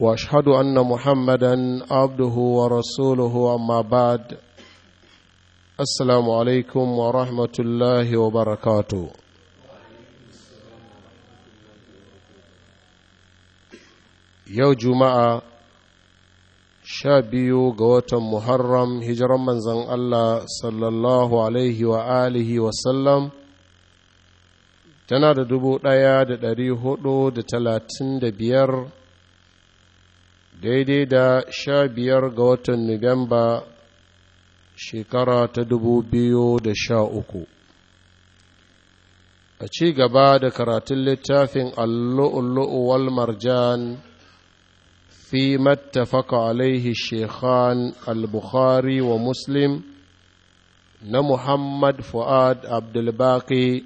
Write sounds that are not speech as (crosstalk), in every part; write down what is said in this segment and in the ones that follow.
واشهد ان محمدا عبده ورسوله اما بعد السلام عليكم ورحمه الله وبركاته yau juma'a sha biyu ga watan muharram hijiran Manzon allah sallallahu alaihi wa alihi tana da dubu ɗaya da ɗari hudu da talatin da biyar daidai da sha biyar ga watan Nuwamba shekara ta dubu biyu da sha uku. A ci gaba da karatun littafin Allu'ullu'u wal Marjan fi mattafaka alaihi Shekhan al-Bukhari wa Muslim na Muhammad Fu'ad Abdulbaki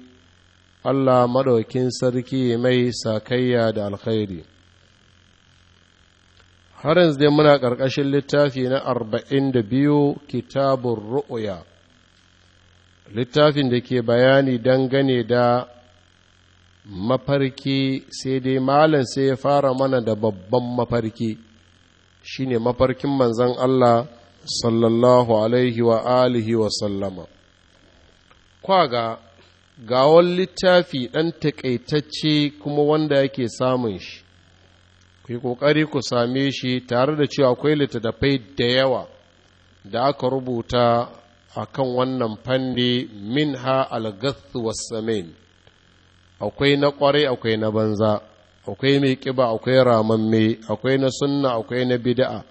Allah maɗaukin sarki mai sakayya da alkhairi. har yanzu dai muna ƙarƙashin littafi na arba'in da biyu kitabun ru'uya littafin da ke bayani dangane da mafarki sai dai malam sai ya fara mana da babban mafarki shine mafarkin manzan Allah sallallahu alaihi wa alihi wa sallama kwaga gawon littafi ɗan taƙaitacce kuma wanda yake samun shi ku yi ƙoƙari ku same shi tare da cewa akwai littattafai da yawa da aka rubuta a kan wannan fanni min ha algathu wassamin akwai na ƙwarai akwai na banza akwai mai ƙiba akwai ramamme akwai na sunna akwai na bida'a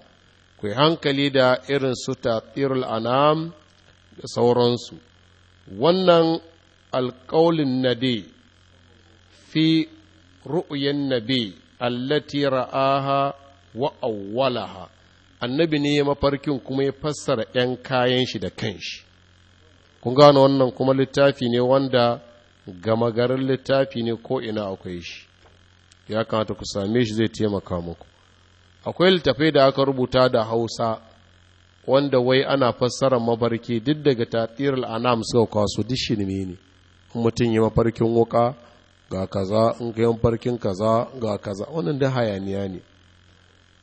ku hankali da irin su tatirul anam da sauransu wannan alƙaulin nade fi ru'uyan nabi allati ra'aha wa awwalaha annabi ne ya mafarkin kuma ya fassara 'yan kayan shi da kan shi kun gano wannan kuma littafi ne wanda gama garin littafi ne ko ina akwai shi ya kamata ku same shi zai taimaka muku akwai littafai da aka rubuta da hausa wanda wai ana fassara mafarki duk daga tatsirar anam suka kwaso duk shirme ne mutum yi mafarkin wuka ga kaza in ka yi farkin kaza ga kaza wannan da hayaniya ne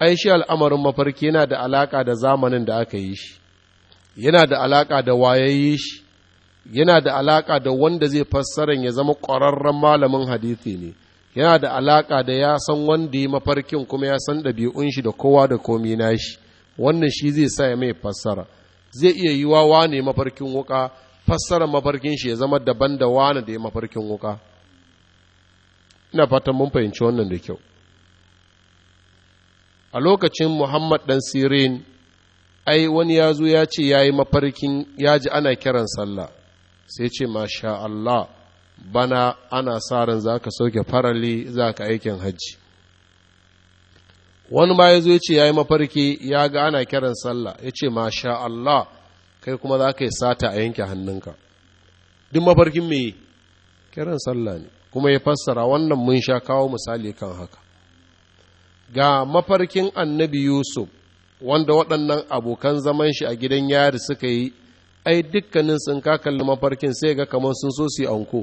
ai shi al'amarin mafarki yana da alaka da zamanin da aka yi shi yana da alaka da wayayi shi yana da alaka da wanda zai fassaran ya zama ƙwararren malamin hadisi ne yana da alaka da ya san wanda ya mafarkin kuma ya san ɗabi'un shi da kowa da komi na shi wannan shi zai sa ya mai fassara zai iya yi wa wane mafarkin wuka fassara mafarkin shi ya zama daban da wane da ya mafarkin wuka ina fatan mun fahimci wannan da kyau a lokacin muhammad dan sirin ai wani ya zo ya ce ya yi mafarkin ya ji ana kiran sallah sai ce masha Allah bana ana sa ran za ka sauke farali za ka aikin hajji wani ma ya zo ya ce ya yi mafarki ya ga ana kiran sallah ya ce masha Allah kai kuma za ka yi sata a yanke hannunka duk mafarkin me kiran sallah ne kuma ya fassara wannan mun sha kawo misali kan haka ga mafarkin annabi yusuf wanda waɗannan abokan zaman shi a gidan yari suka yi ai dukkanin sun kakalli mafarkin sai ga kamar sun so su yi anko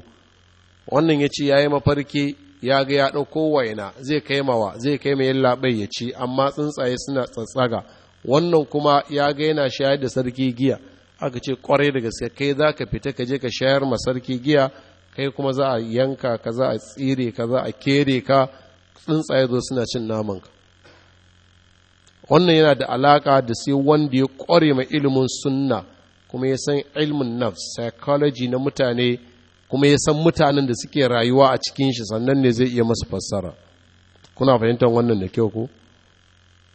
wannan ya ce ya yi mafarki ya ga ya ɗauko waina zai kai mawa zai kai mai labai ya ci amma tsuntsaye suna tsatsaga wannan kuma ya ga yana shayar da sarki giya aka ce kwarai da gaske kai za ka fita ka je ka shayar ma sarki giya kai kuma za a yanka ka za a tsire ka za a kere ka tsuntsaye zo suna cin naman ka wannan yana da alaka da sai wanda ya kware mai ilimin sunna kuma ya san ilimin nafs psychology na mutane kuma ya san mutanen da suke rayuwa a cikin shi sannan ne zai iya masu fassara kuna fahimtar wannan da kyau ko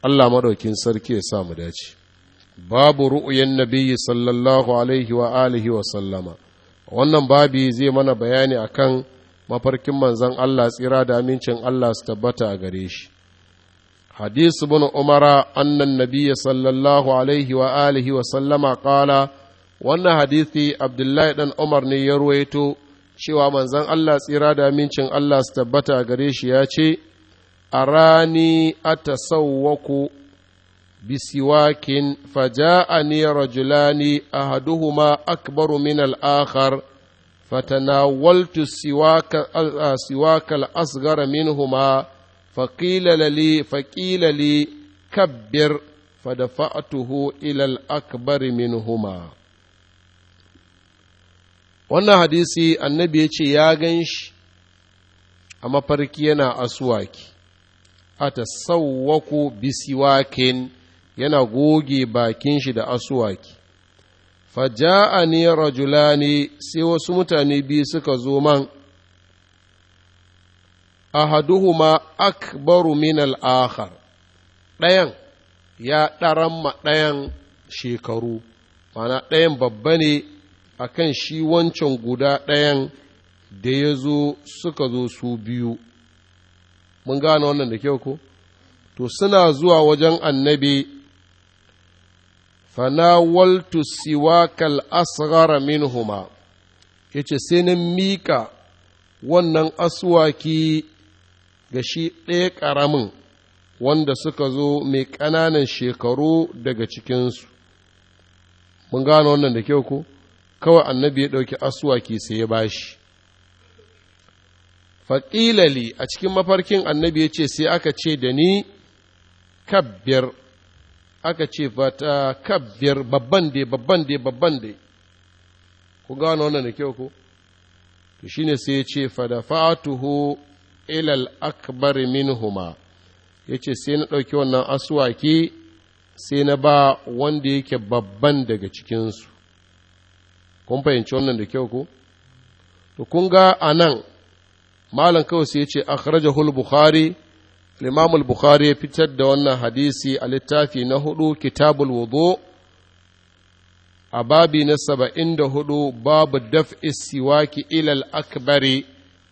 Allah madaukin sarki ya sa mu dace babu ru'uyan nabiyyi sallallahu alaihi wa alihi wa sallama wannan babi zai mana bayani a kan mafarkin manzan Allah tsira da amincin Allah su tabbata a gare shi حديث بن عمر sallallahu alaihi صلى alihi wa sallama وسلم wannan hadisi Abdullahi عبد Umar ne ya ruwaito cewa manzan Allah tsira da amincin Allah su tabbata a gare shi ya ce, A rani a tasawwaku بسواك فجاءني رجلان أحدهما أكبر من الآخر فتناولت السواك السواك الأصغر منهما فقيل لي فقيل لي كبر فدفعته إلى الأكبر منهما wannan hadisi annabi ya ce ya gan shi a mafarki yana aswaki a tasawwaku bisiwakin yana goge bakin shi da asuwaki faja'ani ne sai wasu mutane biyu suka zo man ahaduhuma akbaru min al'akhar ɗayan ya ɗaran ma ɗayan shekaru mana ɗayan babba ne akan kan shi wancan guda ɗayan da ya zo suka zo su biyu mun gane wannan da kyau ko to suna zuwa wajen annabi fanawaltu siwakal asghara minhuma ya sai na mika wannan aswaki ga shi ɗaya ƙaramin wanda suka zo mai ƙananan shekaru daga cikinsu mun gano wannan da kyau ko kawai annabi ya ɗauki aswaki sai ya bashi faƙilali a cikin mafarkin annabi ya ce sai aka ce da ni kabbir aka ce ta kabbiyar babban dai babban dai babban dai ku gano wannan da kyau ko to shine sai ya ce fa fada ila ilal akbar minhuma ya ce sai na ɗauki wannan asuwaki sai na ba wanda yake babban daga cikinsu kun fahimci wannan da kyau ko to kun ga a malam kawai sai ya ce akhrajahu al-bukhari Imam Bukhari ya fitar da wannan hadisi a littafi na hudu Kitabul Wudu a babi na saba'in da babu daf'is siwaki ilal akbari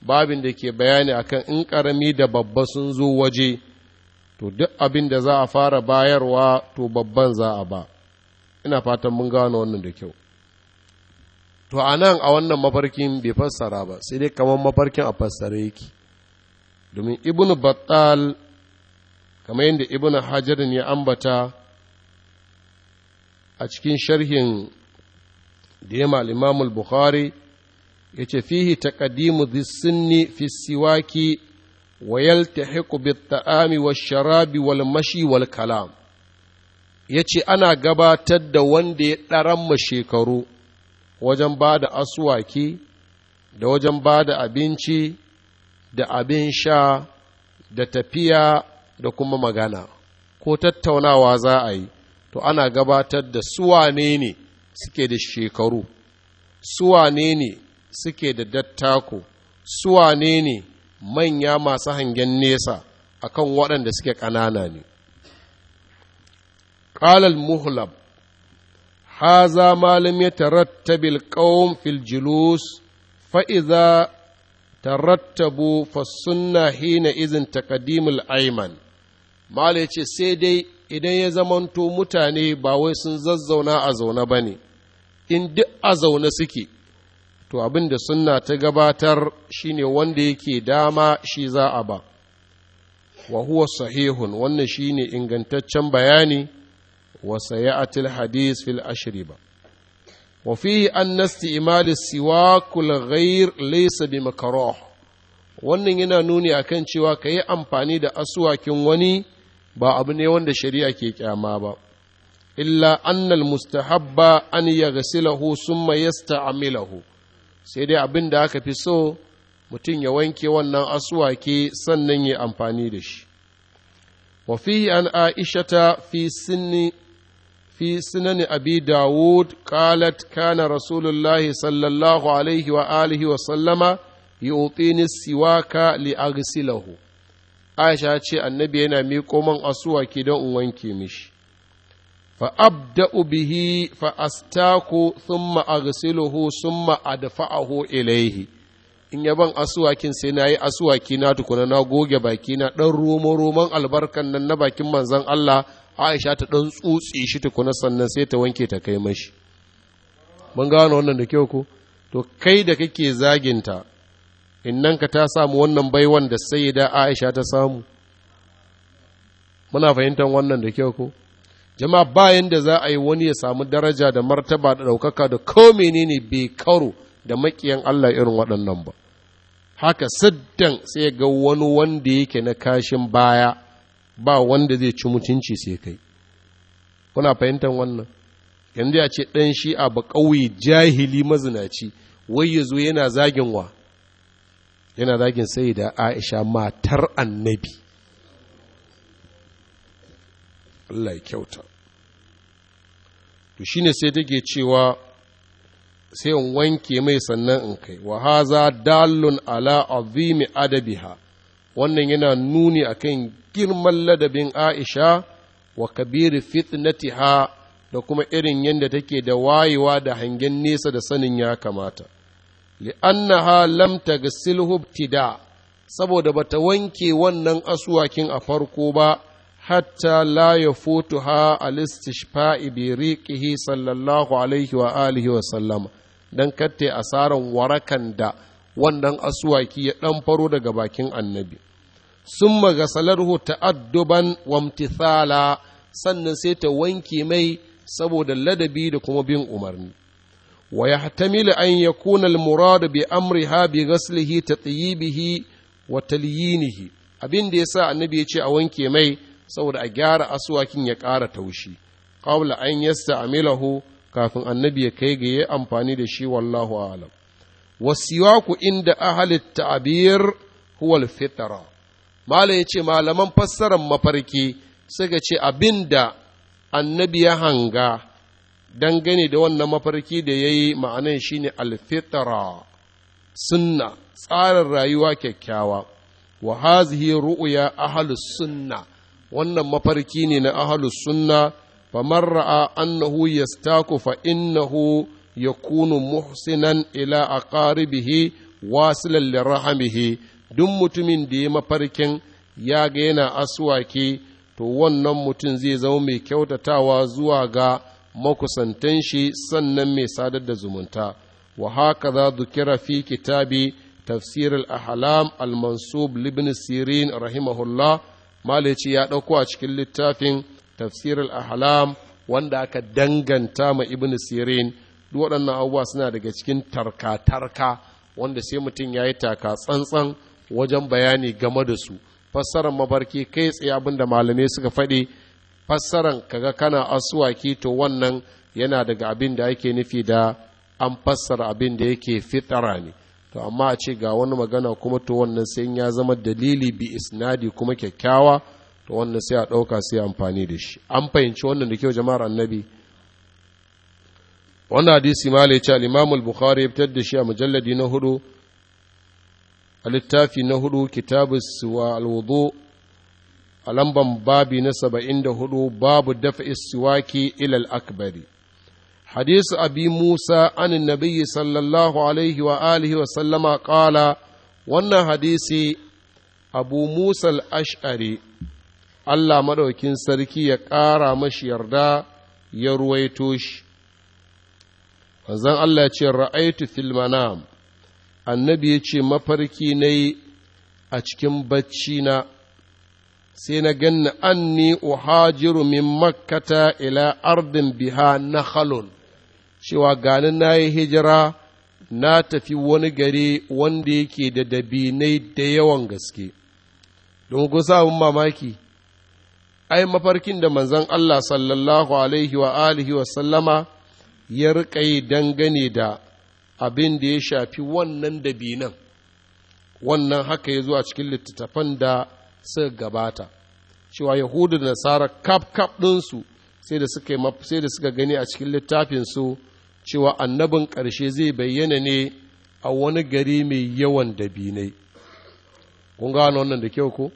babin da ke bayani akan in ƙarami da babba sun zo waje to duk abin da za a fara bayarwa to babban za a ba ina fatan mun gano wannan da kyau to a nan a wannan mafarkin bai fassara ba sai dai kamar mafarkin a fassare yake domin ibn battal kamar yadda ibn hajarin ya ambata a cikin sharhin da ya limamul bukhari ya ce fihi taqadimu dhisinni fi siwaki wa yaltahiqu bit ta'ami wash sharabi wal mashi wal kalam yace ana gabatar da wanda ya ɗaran ma shekaru wajen ba da aswaki da wajen ba da abinci da abin sha da tafiya da kuma magana ko tattaunawa za a yi to ana gabatar da suwane ne suke da shekaru suwane ne suke da dattako suwane ne manya masu hangen nesa akan waɗanda suke ƙanana ne ƙalal muhlab haza malam ya tarattabil ƙawon filjulus fa'iza tarattabu fassunna hina izin takadimul aiman mala yace sai dai idan ya zamanto mutane ba wai sun zazzauna a zaune ba ne in duk a zaune suke to abin da sunna ta gabatar shine wanda yake dama shi za a ba wa huwa sahihun wannan shine ingantaccen bayani wa sayatil hadis fil ashriba wa أن an السواك الغير ليس laysa wannan yana nuni a kan cewa ka yi amfani da asuwakin wani ba abu ne wanda shari'a ke kyama ba illa annal mustahabba an a summa yasta'milahu sai dai abin da aka fi so mutum ya wanke wannan asuwake sannan ya amfani da shi wa fihi an aishata fi sinni في سنن أبي داود قالت كان رسول الله صلى الله عليه وآله وسلم يعطيني السواك لأغسله عائشة النبي هنا ميكو من أسوى كده وانكي مش فأبدأ به فأستاك ثم أغسله ثم أدفعه إليه in yaban asuwakin sai na yi asuwaki na tukuna na goge baki na ɗan romo roman albarkan nan na bakin manzon Allah aisha ta ɗan tsutsi shi tukuna sannan sai ta wanke ta kai mashi mun gano wannan da kyau ko to kai da kake zaginta innan ka ta samu wannan baiwan da sai da aisha ta samu muna fahimtar wannan da kyau ko jama'a bayan da za a yi wani ya samu daraja da martaba da ɗaukaka da ko menene bai karo da maƙiyan Allah irin waɗannan ba haka siddan sai ga wani wanda yake na kashin baya ba wanda zai ci mutunci sai kai kuna fahimtar wannan yanzu ya ce ɗan a ba ƙauye jahili mazinaci wai ya zo yana zagin wa yana zagin sai da aisha matar annabi Allah ya kyauta to shine sai take cewa sai in wanke mai sannan in kai wa haza dalun ala azimi adabiha wannan yana nuni akan girman ladabin Aisha wa kabir fitnatiha da kuma irin yadda take da wayewa da hangen nesa da sanin ya kamata. li'annaha lam tagsilhu ibtida saboda bata wanke wannan aswakin a farko ba hatta la yafutuha al-istishfa'i bi riqihi sallallahu alaihi wa alihi wa sallam dan kattai asaran warakan da wannan aswaki ya dan faro daga bakin annabi sun magasalarhu ta'adduban wamtithala sannan sai ta wanke mai saboda ladabi da kuma bin umarni wa yahtamil an yakuna al-murad bi amriha bi ghaslihi tatyibihi wa talyinihi abin da yasa annabi ya ce a wanke mai saboda a gyara asuwakin ya ƙara taushi qabla an yasta'milahu kafin annabi ya kai ga yi amfani da shi wallahu alam wasiwaku inda ahalit ta'bir huwa al-fitra mala ya ce malaman fassarar mafarki suka ce abin da annabi ya hanga dangane da wannan mafarki da ya yi ma'anan shi ne alfitara sunna tsarin rayuwa kyakkyawa wa hazihi ru'uya ahalus sunna wannan mafarki ne na ahalus sunna ra'a annahu yastaku fa innahu yakunu muhsinan ila aqaribihi wasilan lirahamihi duk mutumin da ya mafarkin ya ga yana aswake to wannan mutum zai zama mai kyautatawa zuwa ga makusantan shi sannan mai sadar da zumunta wa haka za dukira fi kitabi tafsir al-ahlam al-mansub libn sirin rahimahullah malici ya ɗauko a cikin littafin tafsir al-ahlam wanda aka danganta ma ibn sirin duk waɗannan abubuwa suna daga cikin tarka-tarka wanda sai mutum ya yi taka tsantsan wajen bayani game da su fassarar mabarki kai tsaye abin da malamai suka faɗi fassarar kaga kana asuwaki to wannan yana daga abin da ake nufi da an fassara abin da yake fitara ne to amma a ce ga wani magana kuma to wannan sai ya zama dalili bi isnadi kuma kyakkyawa to wannan sai a ɗauka sai amfani da shi an fahimci wannan da kyau jama'ar annabi wannan hadisi ma ya ce al-imam al-bukhari ya fitar da shi a mujalladi na hudu a littafi na hudu kitabu wa alwudu a lamban babi na saba'in da hudu babu dafa siwaki ilal akbari حديث Musa, موسى عن النبي صلى الله عليه wa sallama قال wannan حديث Abu Musa الأشعري Allah maɗaukin sarki ya ƙara mashi yarda ya ruwaito shi, manzon Allah ce ra'aitu fil manam annabi ya ce mafarki na yi a cikin bacci na sai na ganna anni uhajiru min makkata ila ardin biha na halon cewa gani na yi hijira na tafi wani gari wanda yake da dabinai da yawan gaske don gusa abin mamaki ai mafarkin da manzon Allah sallallahu alaihi wa alihi wa sallama ya riƙa yi dangane da abin da ya shafi wannan dabinan wannan haka ya zo a cikin littattafan da suka gabata cewa yahudu da nasara kaf kap ɗinsu sai da suka gani a cikin littafin cewa annabin ƙarshe zai bayyana ne a wani gari mai yawan dabinai kun gano wannan da kyau ko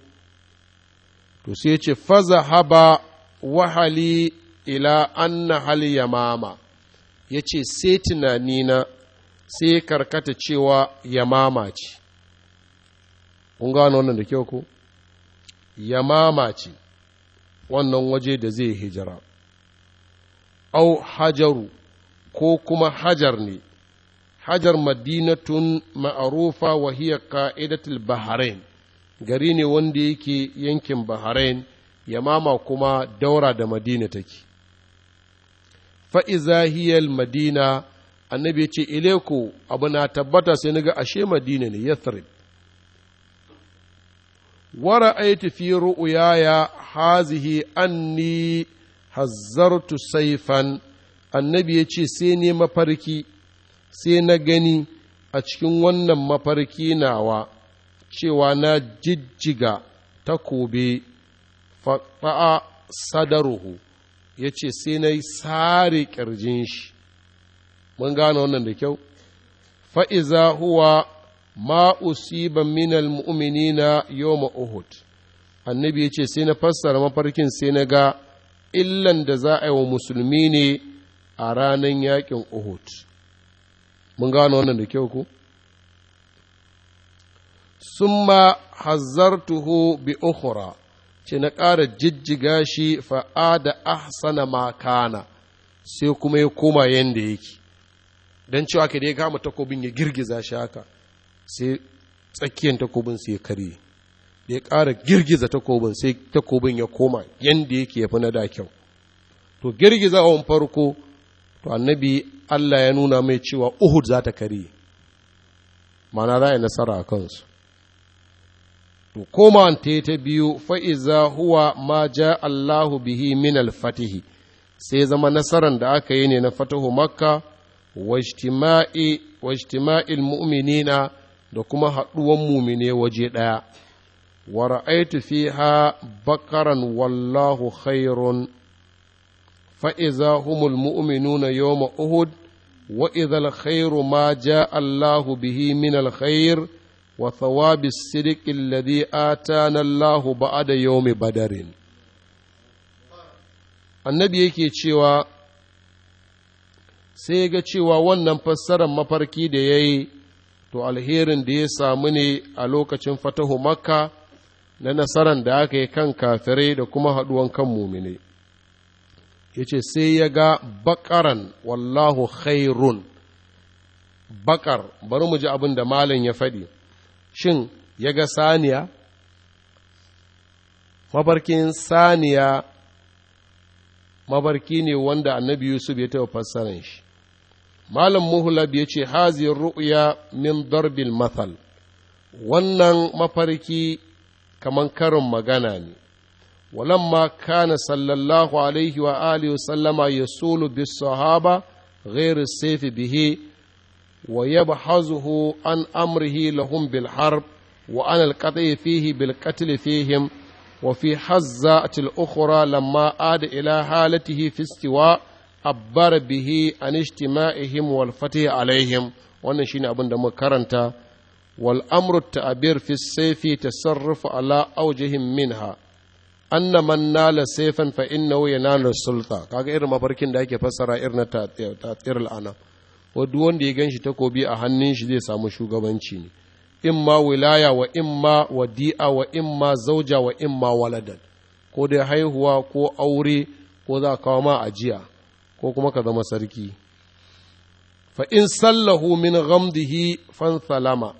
to sai ce faza haba wahali ila anna hal yamama ya ce sai tunanina sai karkata cewa Ya ce kun gano wannan da kyau ku yamama ce wannan waje da zai hijira au hajaru ko kuma hajar ne hajar madinatun ma'arufa wa hiya ka'idatul bahrain gari ne wanda yake yankin bahrain ya yamama kuma daura da madina take fa'iza madina annabi ya ce ileku abu na tabbata sai naga ashe madina ne yathrib wara aiti fi ya hazihi anni hazzartu saifan annabi ya ce sai ne mafarki sai na gani a cikin wannan mafarki nawa cewa na jijjiga takobe faɗa sadaruhu ya ce sai na yi sare ƙirjin shi mun gane wannan da kyau fa'iza huwa ma usiba minal mu'minina uhud annabi ya ce sai na fassara mafarkin sai na ga illan da za a yi wa musulmi ne a ranar yakin uhud mun gane wannan da kyau ku summa hazartuhu bi ukhra ce na ƙara jijjiga shi fa'a da ahsana makana sai kuma ya koma yadda yake don cewa ka dai gama takobin ya girgiza shi haka sai tsakiyar takobin sai kare da ya ƙara girgiza takobin sai takobin ya koma yadda yake ya fi na da kyau to girgiza wani farko to annabi Allah ya nuna mai cewa Uhud za ta karye mana za nasara a kansu to koma ta ta biyu fa'iza huwa ma ja Allahu bihi min alfatihi sai zama nasaran da aka yi ne na fatahu makka wajtima'il mu'minina da kuma haɗuwan mumine waje ɗaya wa ra'aytu fiha bakaran wallahu khairun fa humul mu'minuna yawma uhud wa khairu ma ja Allahu bihi min al khair wa thawabi as-sidqi alladhi atana Allahu ba'da yawmi badarin annabi yake cewa sai ga cewa wannan fassarar mafarki da ya yi to alherin da ya samu ne a lokacin fatahu makka na nasarar da aka yi kan kafirai da kuma haɗuwan kan mumine ya ce sai ya ga bakaran wallahu khairun bakar bari mu ji abin da malin ya faɗi shin ya ga saniya mabarkin saniya mabarki ne wanda annabi yusuf ya taɓa fassaran shi Malam Muhlab ya ce, Hazin ru’uya min darbil mathal, wannan mafarki kamar karin magana ne, walamma kana sallallahu alaihi wa alihi sallama ya sulu bi sahaba ghairu saifi bihi, wa yaba hazuhu an amrihi lahum bil harb wa an alƙaɗe fihi bil ƙatil wa fi hazza ukhra lamma ila halatihi fi istiwa' abbar bihi an ijtima'ihim wal fatih alaihim wannan shine abin da muka karanta wal amru ta'bir fi sayfi tasarrufu ala awjihim minha anna man nala sayfan fa innahu yanalu sulta kaga irin mafarkin da ake fassara irin na tatsir al'ana wa duk wanda ya ganshi takobi a hannun shi zai samu shugabanci ne imma wilaya wa imma wadi'a wa imma zauja wa imma waladan ko dai haihuwa ko aure ko za a kawo ma ajiya ko kuma ka zama sarki fa in sallahu min ghamdihi salama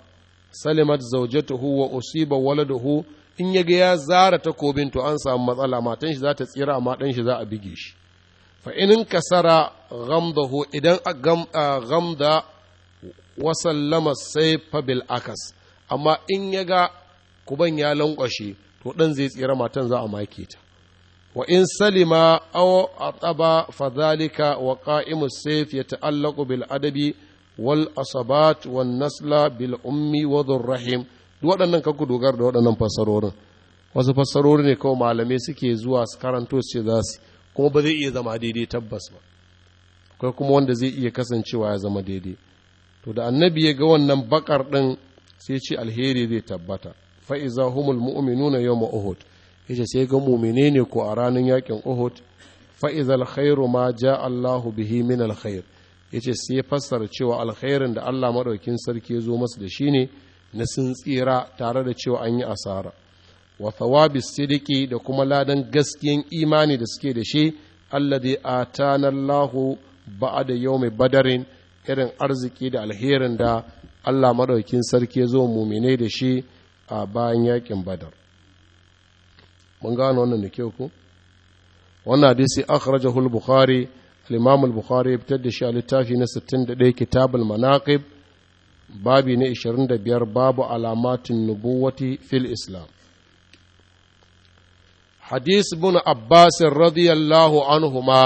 salimat zawjatuhu wa usiba waladuhu in yaga ya zara takobin to an samu matsala matan shi za ta tsira amma dan shi za a bige shi fa in kasara ghamdahu idan ghamda wa sallama sayfa bil akas amma in yaga kuban ya lankwashe to ɗan zai tsira matan za a make ta wa in salima aw ataba wa qa'imu sayf yata'allaqu bil adabi wal asabat bil ummi wa waɗannan ka ku dogara da waɗannan fassarorin wasu fassarori ne kawai malamai suke zuwa su karanto su ce za su kuma ba zai iya zama daidai tabbas ba akwai kuma wanda zai iya kasancewa ya zama daidai to da annabi ya ga wannan bakar ɗin sai ce alheri zai tabbata fa'iza humul mu'minuna yawma uhud yace sai ga mumine ne ko a ranar yakin Uhud fa idhal ma ja Allahu bihi min al yace sai fassara cewa alkhairin da Allah madaukin sarki ya zo masa da shi ne na sun tsira tare da cewa an yi asara wa thawabi sidiki da kuma ladan gaskiyan imani da suke da shi alladhi atana Allahu ba'da yawmi badarin irin arziki da alherin da Allah madaukin sarki ya zo mumine da shi a bayan yakin badar mun gane wannan da kyau ko wannan hadisi akhrajahu al-bukhari al bukhari ya fitar da shi a littafi na 61 kitab al-manaqib babi na 25 babu alamatin nubuwati fil islam hadis ibn abbas radiyallahu ma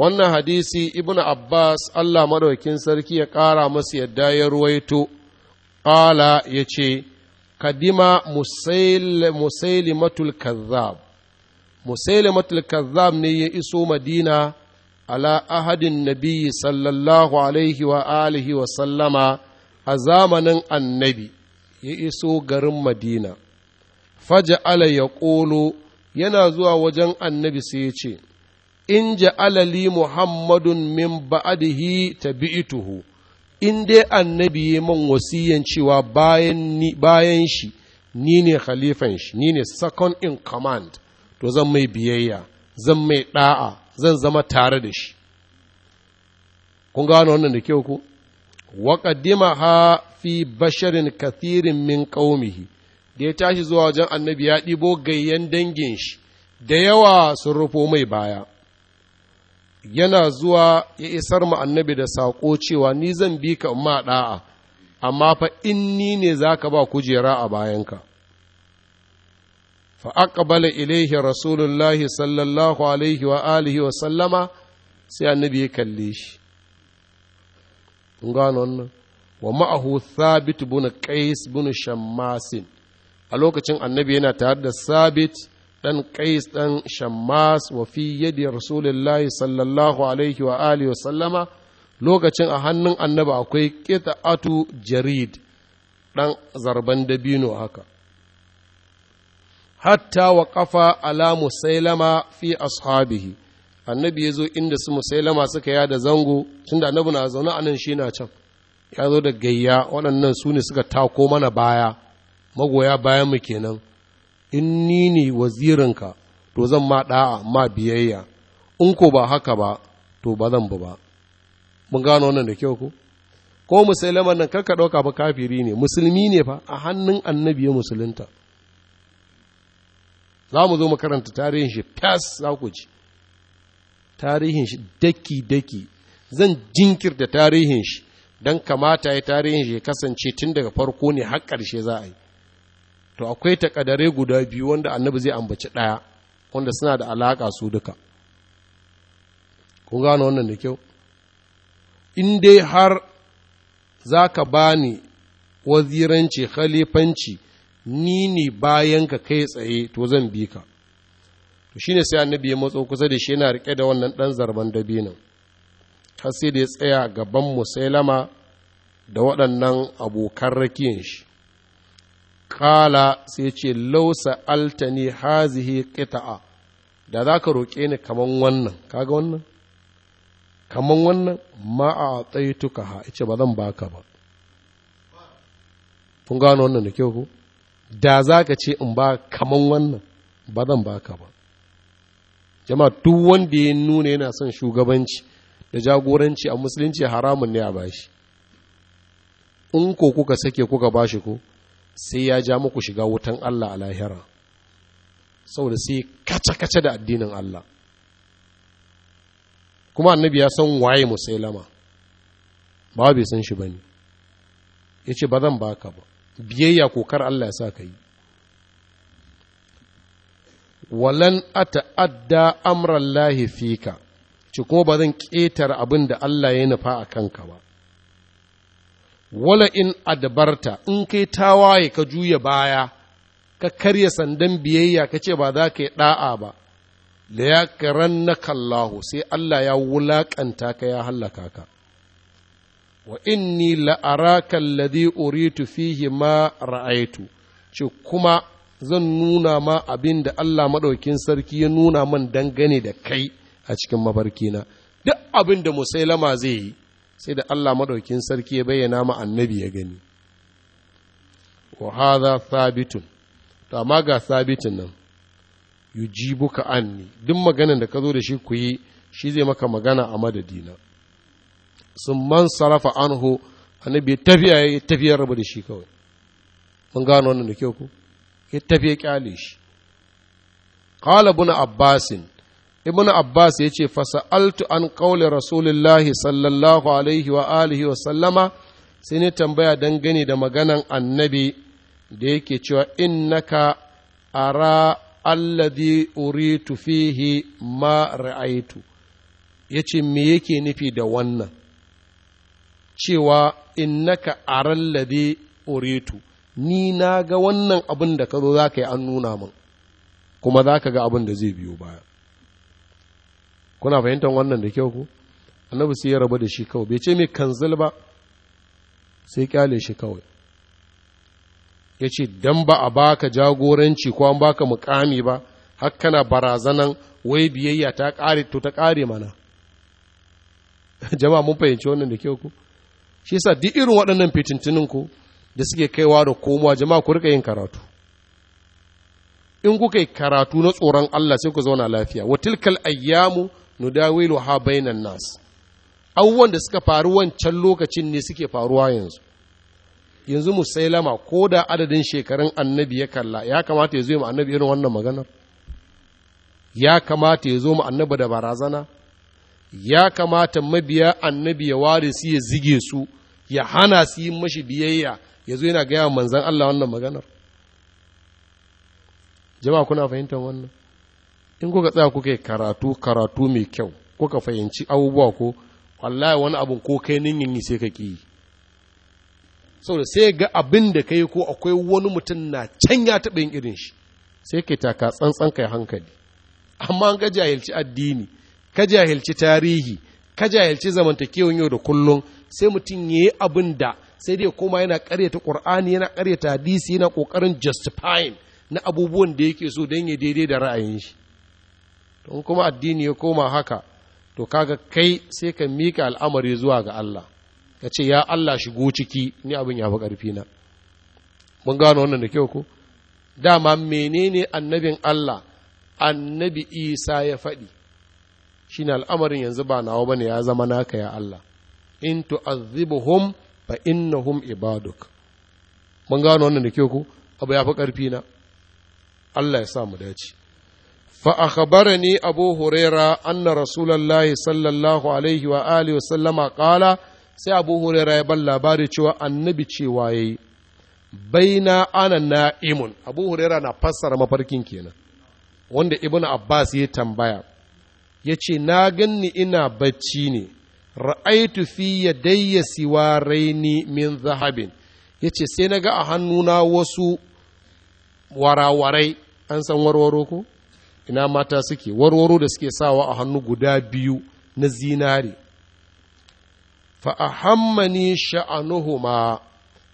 wannan hadisi ibn abbas Allah madaukin sarki ya ƙara masa yadda ya ruwaito ƙala ya ce kadima musailimatul kazzab musailimatul kazzab ne ya iso madina ala ahadin nabiyyi sallallahu alaihi wa alihi wa sallama a zamanin annabi ya iso garin madina faja'ala ya ƙolo yana zuwa wajen annabi sai ya ce in ja'ala li muhammadun min ba'adihi tabi'ituhu in dai annabi ya man wasiyan cewa bayan shi ni ne khalifan shi ni ne second in command to zan mai biyayya zan mai da'a zan zama tare da shi kun gano wannan da kyau ku waƙaddima ha fi basharin kathirin min ƙaumihi da ya tashi zuwa wajen annabi ya ɗibo gayyan dangin shi da yawa sun rufo mai baya yana zuwa ya isar ma annabi da saƙo cewa ni zan bi ka ma ɗa'a amma fa inni ne za ka ba kujera a bayanka fa aqbala ilaihi rasulullahi sallallahu alaihi wa alihi wa sallama sai annabi ya kalle shi gano wannan wa ma'ahu thabit bin qais bin shammasin a lokacin annabi yana tare da sabit ɗan ƙais ɗan shammas wa fi yadi rasulullahi sallallahu alaihi wa alihi wa sallama lokacin a hannun annabi akwai ƙeta atu jarid ɗan zarban dabino haka hatta wa ƙafa ala musailama fi ashabihi annabi ya zo inda su musailama suka ya yada zango tun da annabi na zaune a nan shi na can ya zo da gayya waɗannan su ne suka tako mana baya magoya bayan mu kenan in ni ne wazirinka to zan ma ɗa'a ma biyayya in ko ba haka ba to ba zan bu ba mun gano wannan da kyau ko ko musulman nan karka ɗauka ba kafiri ne musulmi ne fa a hannun annabi ya musulunta za mu zo mu karanta tarihin shi fas za ku ji tarihin shi daki-daki zan jinkirta tarihin shi don kamata ya tarihin shi kasance tun daga farko ne har ƙarshe za a yi to akwai takadare guda biyu wanda annabi zai ambaci ɗaya wanda suna da alaka su duka kun gano wannan da kyau in dai har za ka ba ni waziranci khalifanci ni ne bayan ka kai tsaye to zan bi ka to shine sai annabi ya matso kusa da shi yana rike da wannan dan zarban nan har sai da ya tsaya gaban musailama da waɗannan abokan rakiyar shi kala sai ce lausa altani hazihi qita'a da za ka roƙe ni kaman wannan kaga wannan kaman wannan ma'a a tsaituka ha ice ba zan baka ba kun gano wannan da kyau ku da za ka ce in ba kaman wannan ba zan baka ba jama'a duk wanda ya nuna yana son shugabanci da jagoranci a musulunci haramun ne a bashi in ko kuka sake kuka bashi ko sai ya ja muku shiga wutan Allah a lahira saboda sai kace-kace da addinin Allah kuma annabi ya san waye musailama ba bai san shi ba ne. ya ce ba zan baka ba biyayya kokar Allah ya sa ka yi walan ata'adda amran lahi fika ci kuma ba zan ƙetare abin da Allah ya nufa a kanka ba wala in adabarta in kai tawaye ka juya baya ka karya sandan biyayya ka ce ba za ka yi ɗa'a ba da ya karan na kallahu sai Allah ya wulaƙanta ka ya hallaka ka wa inni la'araka alladhi uritu fihi ma ra'aitu ce kuma zan nuna ma abin da Allah maɗaukin sarki ya nuna man dangane da kai a cikin mafarkina duk abin da musailama zai yi sai da Allah madaukin sarki ya bayyana ma annabi ya gani wa hadha thabitun to amma ga Sabitun nan yujibuka anni duk maganan da ka zo da shi ku yi shi zai maka magana a madadina sun man sarafa anhu annabi ya tafiya ya tafiyar raba da shi kawai mun gano wannan da kyau ku ya tafiya kyale shi qala ibn abbasin ibn abbas ya ce altu an ƙaule rasulullahi sallallahu alaihi wa alihi wa sallama sai ne tambaya dangane da maganan annabi da yake cewa innaka ara alladhi uritu fihi ma ra'aitu yace me yake nufi da wannan cewa innaka ara alladhi uritu ni na ga wannan abin da ka zo za ka yi an nuna min kuma za ka ga abin da zai biyo baya kuna fahimtar wannan da kyau ku annabi sai ya rabu da shi kawai bai ce mai kanzil ba sai kyale shi kawai ya ce don ba a baka jagoranci ko an baka mukami ba har kana barazanan wai biyayya ta ƙare to ta ƙare mana (laughs) jama'a mun fahimci wannan da kyau ku shi yasa duk irin waɗannan fitintunin ku da suke kaiwa da komowa jama'a ku rika yin karatu in kuka yi karatu na tsoron Allah sai ku zauna lafiya wa tilkal ayyamu nudawilu ha bainan nas abubuwan da suka faru wancan lokacin ne suke faruwa yanzu yanzu musailama ko da adadin shekarun annabi ya kalla ya kamata ya zo mu annabi irin wannan maganar ya kamata ya zo mu annabi da barazana ya kamata mabiya annabi ya ware su ya zige su ya hana su yi mashi biyayya ya zo yana gaya manzan Allah wannan maganar jama'a kuna fahimtar wannan in kuka tsaya kuka karatu karatu mai kyau kuka fahimci abubuwa ko wallahi wani abun ko kai ninyin sai ka ki saboda sai ga abin da kai ko akwai wani mutum na can ya taɓa yin irin shi sai kai taka tsantsan kai hankali amma an ka jahilci addini ka jahilci tarihi ka jahilci zamantakewan yau da kullum sai mutum ya yi abin da sai dai koma yana karyata ƙur'ani yana karyata hadisi yana ƙoƙarin justifying na abubuwan da yake so don ya daidai da ra'ayin shi in kuma addini ya koma haka to kaga kai sai ka mika al'amari zuwa ga Allah ka ce ya Allah shigo ciki ni abin ya fi ƙarfi na mun gano wannan da kyau ko dama menene annabin Allah annabi Isa ya faɗi ne al'amarin yanzu ba nawa bane ya zama naka ya Allah in tu'azzibuhum fa innahum ibaduk mun gano wannan da kyau ko abu ya fi ƙarfi na Allah ya sa mu dace فأخبرني أبو هريرة أن رسول الله صلى الله عليه وآله وسلم قال سي أبو هريرة يبلى labari cewa annabi cewa yayi baina ana na'imun abu huraira na fassara mafarkin kenan wanda ibnu abbas ya tambaya ya ce na ni ina bacci ne ra'aitu fi yadayya raini min zahabin ya ce sai na ga a hannu na wasu warawarai an san warwaro ko ina mata suke warwaro da suke sawa a hannu guda biyu na zinare fa'ahammani sha'anuhuma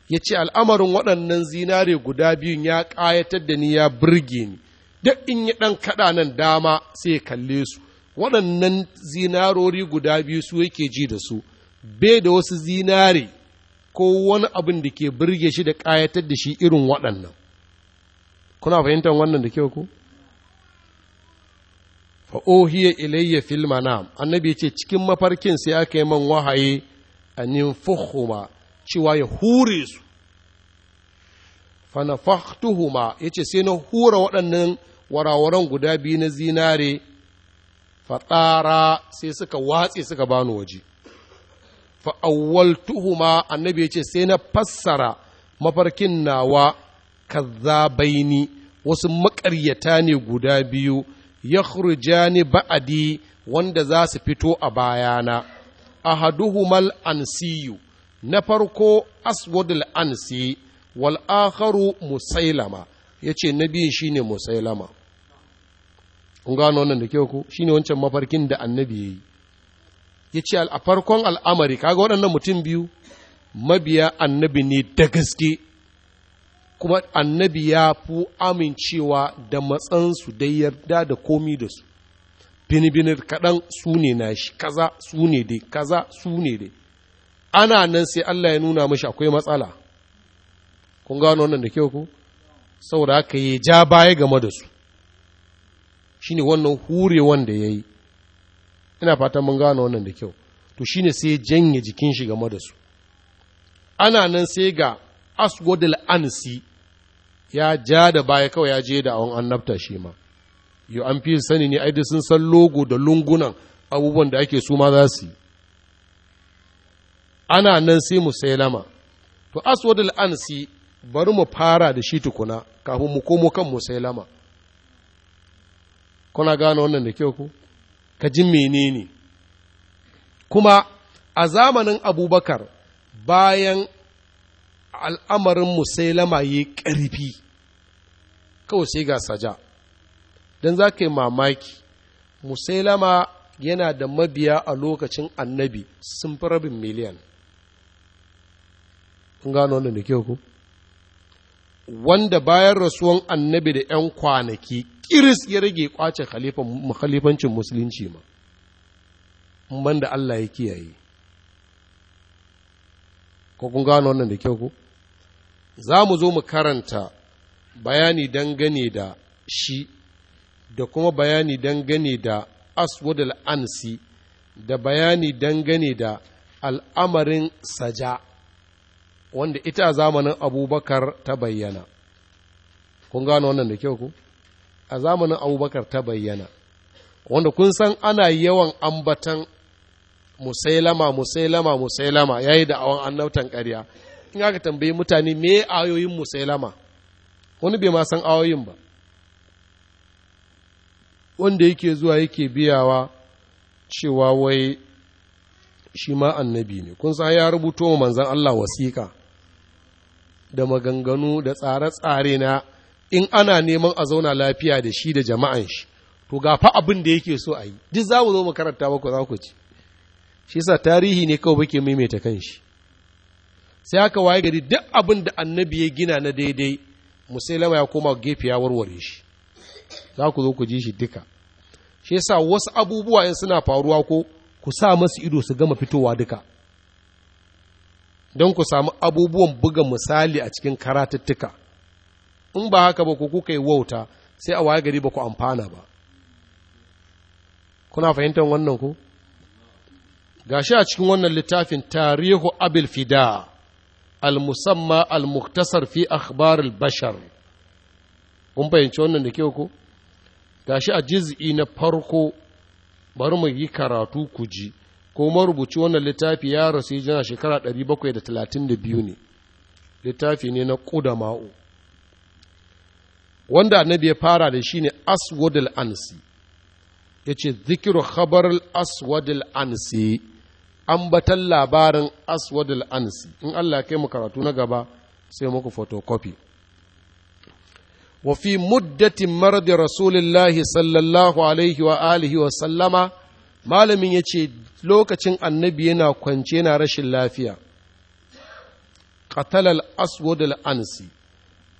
ya ce al'amarin waɗannan zinare guda biyun ya ƙayatar da ni ya birge ni duk in yi ɗan kaɗa nan dama sai kalle su waɗannan zinarori guda biyu su yake ji da su bai da wasu zinare ko wani abin da ke birge shi da ƙayatar da shi irin waɗannan kuna fahimtar wannan da kyau ku fa ohiya ilayya fil manam annabi yace cikin mafarkin sai aka yi man wahayi an yinfukhuma cewa ya hure su fa nafakhtuhuma yace sai na hura waɗannan warawaran guda biyu na zinare fatsara sai suka watse suka bani waje fa'awwaltuhuma annabi ya ce sai na fassara mafarkin nawa kazzabaini wasu maƙaryata ne guda biyu yakhrujani ba'adi wanda za su fito a bayana ahaduhumal ansiyu na farko aswadul ansi wal akharu musailama yace na biyu shine musailama kun gano wannan da kyau ku shine wancan mafarkin da annabi yayi yace a farkon al'amari kaga waɗannan mutum biyu mabiya annabi ne da gaske kuma annabi ya fi amincewa da matsansu da yarda da komi da su binibinir kaɗan su ne na shi kaza su ne dai kaza su ne dai ana nan sai Allah ya nuna mashi akwai matsala kun gano wannan da kyau ku saboda haka ya ja baya game da su Shi ne wannan hure wanda ya yi ina fatan mun gano wannan da kyau to shi ne sai ya janye jikin shi game da su ana nan sai ga aswadul ansi ya ja da baya kawai ya je da awon annabta shi ma yau an fi sani ne ai sun san logo da lungunan abubuwan da ake su ma za su yi ana nan sai mu sai lama to aswad ansi bari mu fara da shi tukuna kafin mu komo kan mu sai lama kuna gane wannan da kyau ku ka ji menene kuma a zamanin abubakar bayan al'amarin musailama ya ƙarfi kawai sai ga saja don za ka yi mamaki musailama yana da mabiya a lokacin annabi sun fi rabin miliyan kun gano wannan da kyau ku wanda bayan rasuwan annabi da 'yan kwanaki kiris ya rage kwace khalifancin musulunci ma ban da Allah ya kiyaye ko kun gano wannan da kyau ko. za mu zo mu karanta bayani dangane da shi da kuma bayani dangane da aswad al'ansi da bayani dangane da al'amarin saja wanda ita zamanin abubakar ta bayyana kun gano wannan da kyau ku a zamanin abubakar ta bayyana wanda kun san ana yawan ambatan musailama musailama musailama yayi da da'awan annautan ƙarya in aka tambayi mutane me ayoyin lama, wani bai ma san ayoyin ba wanda yake zuwa yake biyawa cewa wai shi ma annabi ne kun san ya rubuto manzan Allah wasiƙa da maganganu da tsare-tsare na in ana neman a zauna lafiya da shi da jama'an shi to gafa abin da yake so a yi duk za mu zo makaranta ba ku za ku ci shi sa tarihi ne kawai bake maimaita kan shi sai aka waye gari duk abin da annabi ya gina na daidai musailama ya koma gefe ya warware shi za ku zo ku ji shi duka shi yasa wasu abubuwa yin suna faruwa ko ku sa masu ido su gama fitowa duka don ku sami abubuwan buga misali a cikin karatuttuka in ba haka ba ku kuka yi wauta sai a waye gari ba ku amfana ba kuna fahimtar wannan ku gashi a cikin wannan littafin tarihu abil fida المسمى المختصر في fi bashar kun fahimci wannan da kyau ko gashi a juz'i na farko bari mu yi karatu ku ji ko marubuci wannan littafi ya rasu yana shekara 732 ne littafi ne na ƙudama'u wanda annabi ya fara da shi ne aswadul ansi ya ce zikiru khabar aswadul ansi An ambatan labarin aswadul ansi in Allah kai mu karatu na gaba sai muku photocopy wa fi muddatin maradi rasulullahi sallallahu alaihi wa alihi wa sallama malamin ya ce lokacin annabi yana kwance yana rashin lafiya qatalal aswadul ansi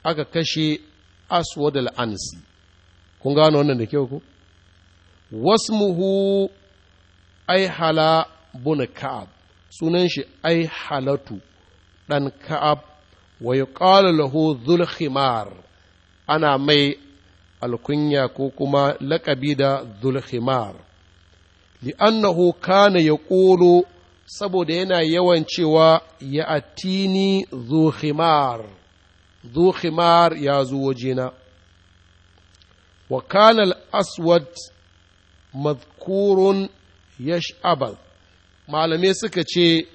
aka kashe aswadul ansi kun gano wannan da kyau ku wasmuhu ai hala bin ka'ab sunan shi ai halatu ɗan ka'ab wa yuqalu lahu zulhimar ana mai alkunya ko kuma laƙabi da zulhimar li'annahu kana ƙolo saboda yana yawan cewa ya atini dhul khimar ya zo wajena wa kana al-aswad mazkurun yash'abath malamai suka ce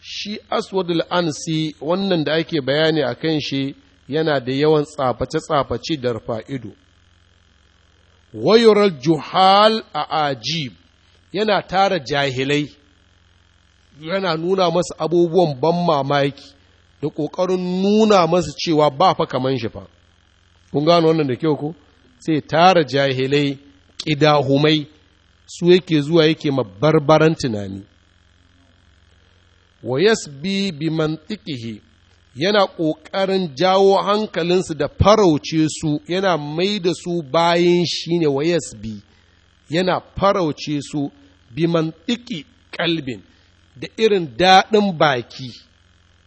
shi aswadul ansi wannan da ake bayani a kan shi yana da yawan tsaface-tsaface da fa'idu. wayoral juhal a ajib yana tara jahilai yana nuna masu abubuwan ban mamaki da ƙoƙarin nuna masu cewa ba fa kaman shi fa kun gano wannan da kyau ko sai tara jahilai ƙidahumai su yake zuwa yake mabarbaran tunani wa yasbi bi mantiqihi yana ƙoƙarin jawo hankalinsu da farauce su yana mai da su bayan shi ne wa yasbi yana farauce su bi ƙalbin, kalbin da irin daɗin baki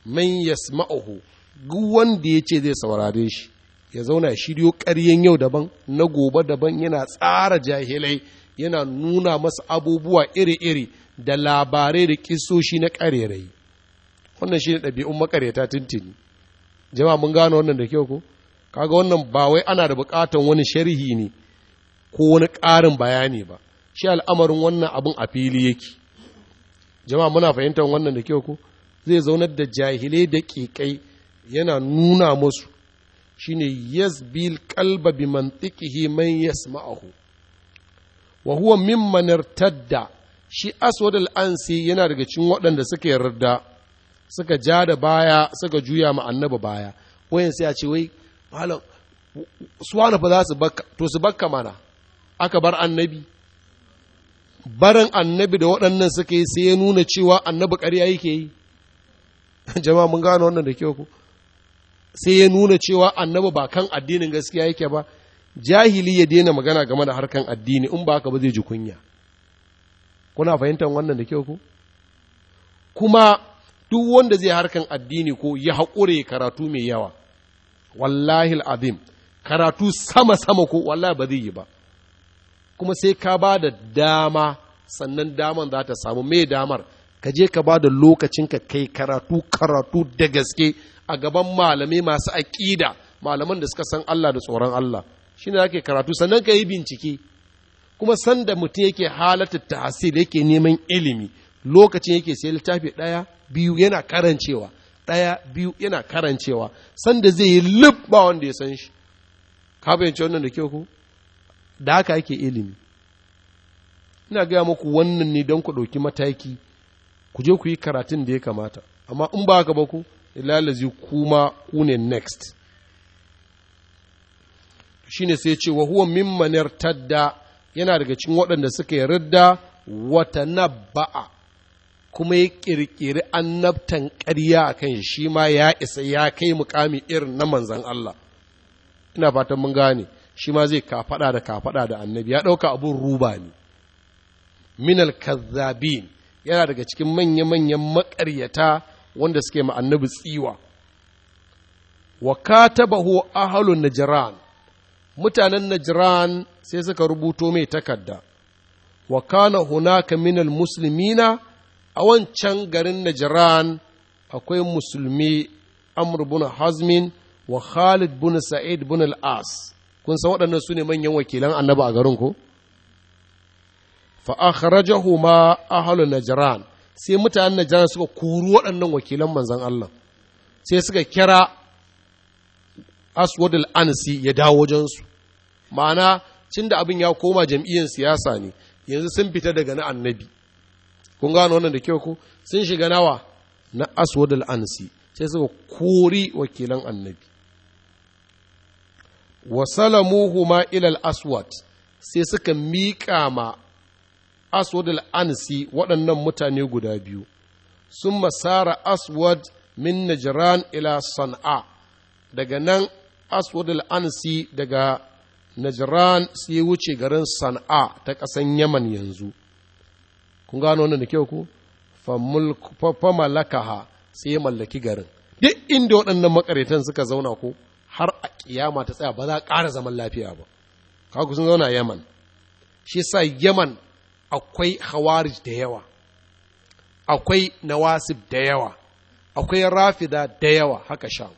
man yasma'uhu duk wanda ya ce zai saurare shi ya zauna shiryo ƙaryen yau daban na gobe daban yana tsara jahilai yana nuna masa abubuwa iri-iri da labarai da kisoshi na ƙarerai wannan shi ne ɗabi'un makareta tuntuni jama mun gano wannan da kyau ko kaga wannan ba wai ana da buƙatan wani sharhi ne ko wani ƙarin bayani ba shi al'amarin wannan abin a fili yake jama muna fahimtar wannan da kyau ko zai zaunar da jahilai da ƙiƙai yana nuna musu shine bil qalba bi mantiqihi man yasma'uhu wa huwa mimman irtadda shi aswad al'ansi yana daga cikin waɗanda suka yarda suka ja da baya suka juya ma annaba baya wayan sai a ce wai malam suwana fa za su bakka to su bakka mana aka bar annabi barin annabi da waɗannan suka yi sai ya nuna cewa annabi ƙarya yake yi (laughs) jama'a mun gano wannan da kyau ku sai ya nuna cewa annabi ba kan addinin gaskiya yake ba jahili ya daina magana game da harkan addini in ba haka ba zai ji kunya kuna fahimtar wannan da kyau ku kuma duk wanda zai harkan addini ko ya haƙure karatu mai yawa wallahi azim karatu sama sama ko wallahi ba zai yi ba kuma sai ka ba da dama sannan daman za ta samu mai damar ka je ka ba da ka kai karatu karatu da gaske a gaban malamai masu aƙida malaman da suka san Allah da tsoron Allah shine ake karatu sannan ka yi bincike kuma sanda mutum yake halatta tahsil yake neman ilimi lokacin yake sai littafi ɗaya biyu yana karancewa ɗaya biyu yana karancewa sanda zai yi lub ba wanda ya san shi ka fahimci wannan da kyau ku da haka yake ilimi ina gaya muku wannan ne don ku ɗauki mataki ku je ku yi karatun da ya kamata amma in ba haka ba ku ilalazi kuma kune ne next shine sai ce wa huwa mimman yartadda yana daga cikin waɗanda suka yi ridda wata ba'a kuma ya ƙirƙiri annabtan ƙarya a kan shi ma ya isa ya kai mukami irin na manzan Allah ina fatan mun gane shi ma zai kafaɗa da kafaɗa da annabi ya ɗauka abun ruba ne minal kazzabin yana daga cikin manya-manyan maƙaryata wanda suke ma annabi tsiwa wa katabahu ahlun najran mutanen najran sai suka rubuto mai takarda wa kana hunaka minal muslimina a wancan garin najran akwai musulmi amr bin hazmin wa khalid bin sa'id bin al-as kun san waɗannan su ne manyan wakilan annabi a garin ko fa akhrajahu ma ahlu najran sai mutanen najran suka kuru waɗannan wakilan manzon Allah sai suka kira aswad al-ansi ya dawo wajensu ma'ana cin da abin ya koma jam'iyyar siyasa ne yanzu sun fita daga na annabi kun gano wannan da kyau ko sun shiga nawa na aswad ansi sai suka kori wakilan annabi wa salamuhuma ila al-aswad sai suka miƙa ma aswad ansi waɗannan mutane guda biyu sun masara aswad min najran ila san'a daga nan aswad al-ansi daga najran sai ya wuce garin san'a ta ƙasan yaman yanzu kun gano wannan da kyau ko malakaha sai ya mallaki garin duk inda waɗannan makaretan suka zauna ko har a kiyama ta tsaya ba za a ƙara zaman lafiya ba kaku sun zauna yaman shi sa yaman akwai hawarij da yawa akwai nawasib da yawa akwai rafida da yawa haka sha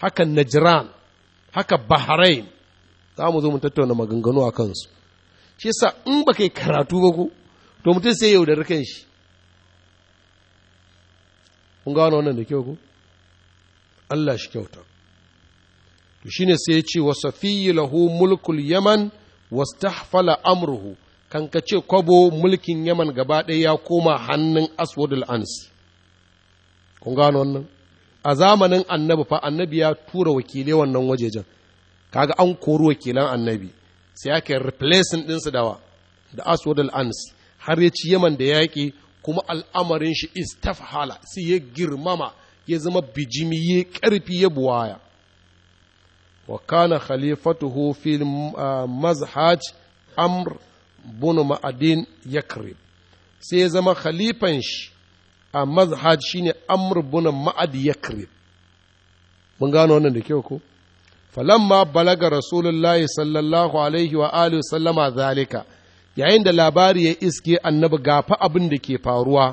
haka najran haka bahrain za mu zo mu tattauna maganganu a kansu shi yasa in ba kai karatu ba ko to mutum sai da kan shi kun gano wannan da kyau ko Allah shi kyauta to shine sai ya ce wa lahu mulkul yaman wastahfala amruhu kan ka ce kwabo mulkin yaman gaba daya ya koma hannun aswadul ansi. kun gano wannan a zamanin annabi fa annabi ya tura wakilai wannan wajejen kaga an kori wakilan annabi sai ake replacing ɗinsu dawa da aswad al-ans har ya ci yaman da yaƙi kuma al'amarin shi istafhala sai ya girmama ya zama bijimi ya ƙarfi ya buwaya wa kana khalifatuhu fi ah, mazhaj amr bunu ma'adin yakrib sai ya zama khalifan shi a mazhaj shine amr bin ma'ad yakrib mun gano wannan da kyau ko falamma balaga rasulullahi sallallahu alaihi wa alihi sallama zalika yayin da labari ya iske annabi gafa abin da ke faruwa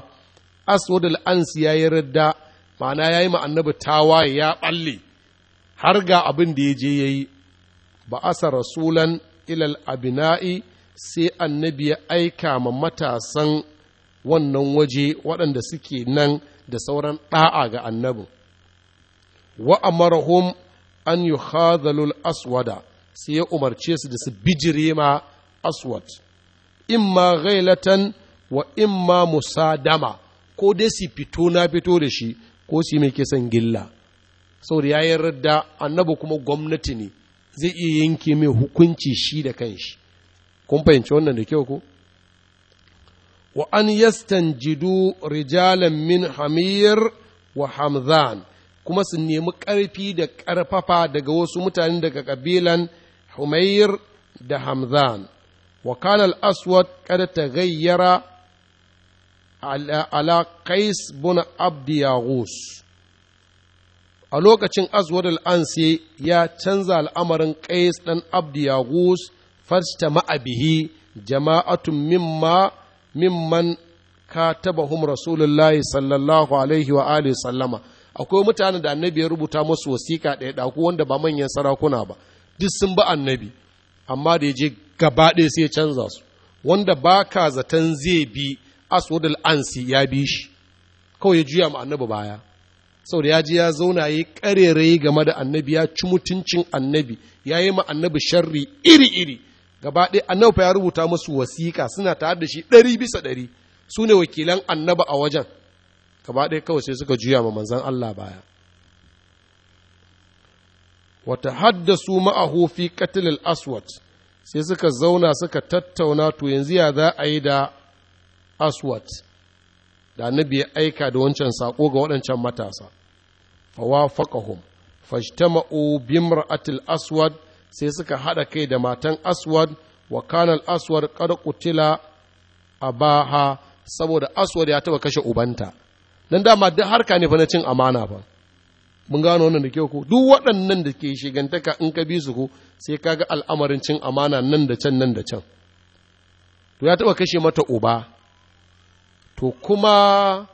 aswad al-ans yayi ridda ma'ana yayi ma annabi tawaye ya balle har ga abin da ya je yayi ba asa rasulan ilal abina'i sai annabi ya aika ma matasan wannan waje waɗanda suke nan da sauran ɗa'a ga annabin wa amarahum an yi aswada sai ya umarce su da su bijire ma aswad imma ghailatan wa imma musadama ko dai su fito na fito da shi ko su yi mai kisan gilla saboda ya radda annabi kuma gwamnati ne zai iya yanke mai hukunci shi da kanshi kun fahimci wannan da kyau ko wa an yastanjidu rijalan min hamir wa hamzan kuma su nemi ƙarfi da ƙarfafa daga wasu mutane daga ƙabilan humair da hamzan wa aswad kada ta gayyara ala qais bin abdi a lokacin aswad al-ansi ya canza al'amarin qais ɗan abdi yaghus fasta ma'abihi jama'atun mimma mimman katabahum rasulullahi sallallahu alaihi wa alihi sallama akwai mutanen da annabi ya rubuta masu wasiƙa ɗaya ɗaku wanda ba manyan sarakuna ba duk sun ba annabi amma da ya je gaba ɗaya sai ya canza su wanda ba ka zaton zai bi aswadul ansi ya bi shi kawai ya juya ma annabi baya saboda ya ji ya zauna ya yi ƙarerayi game da annabi ya ci mutuncin annabi ya yi ma annabi sharri iri iri gaba ɗaya annabi ya rubuta musu wasiƙa suna tare da shi ɗari bisa ɗari su ne wakilan annaba a wajen gaba ɗaya kawai sai suka juya ma manzan Allah baya wata haddasu ma'ahu fi katilil aswad sai suka zauna suka tattauna to yanzu ya za a yi da aswad da annabi ya aika da wancan saƙo ga waɗancan matasa fawafaqahum fajtama'u bimra'atil aswad sai suka haɗa kai da matan aswad wa kanal aswad kada kutila a baha saboda aswad ya taɓa kashe ubanta nan dama duk harka ne fa na cin amana fa mun gano wannan da kyau ko duk waɗannan da ke shigantaka in ka bi su ko sai ka ga al'amarin cin amana nan da can nan da can to ya taɓa kashe mata uba to kuma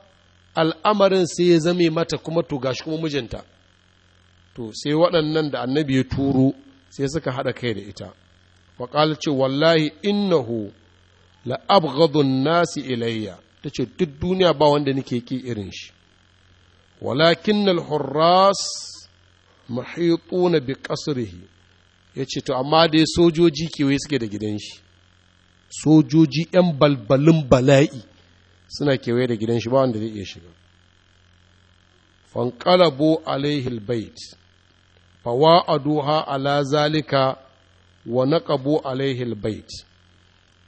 al'amarin sai ya zame mata kuma to gashi kuma mijinta to sai waɗannan da annabi ya turo sai suka haɗa kai da ita faƙal ce wallahi innahu la abghadun nasi ilayya ta ce duk duniya ba wanda nake ki irin shi walakin al-hurras mahituna bi qasrihi yace to amma dai sojoji kewaye suke da gidan shi sojoji yan balbalin bala'i suna kewaye da gidan shi ba wanda zai iya shiga fanqalabu alaihi bait fawa'aduha ala zalika wa naqabu alaihi Bait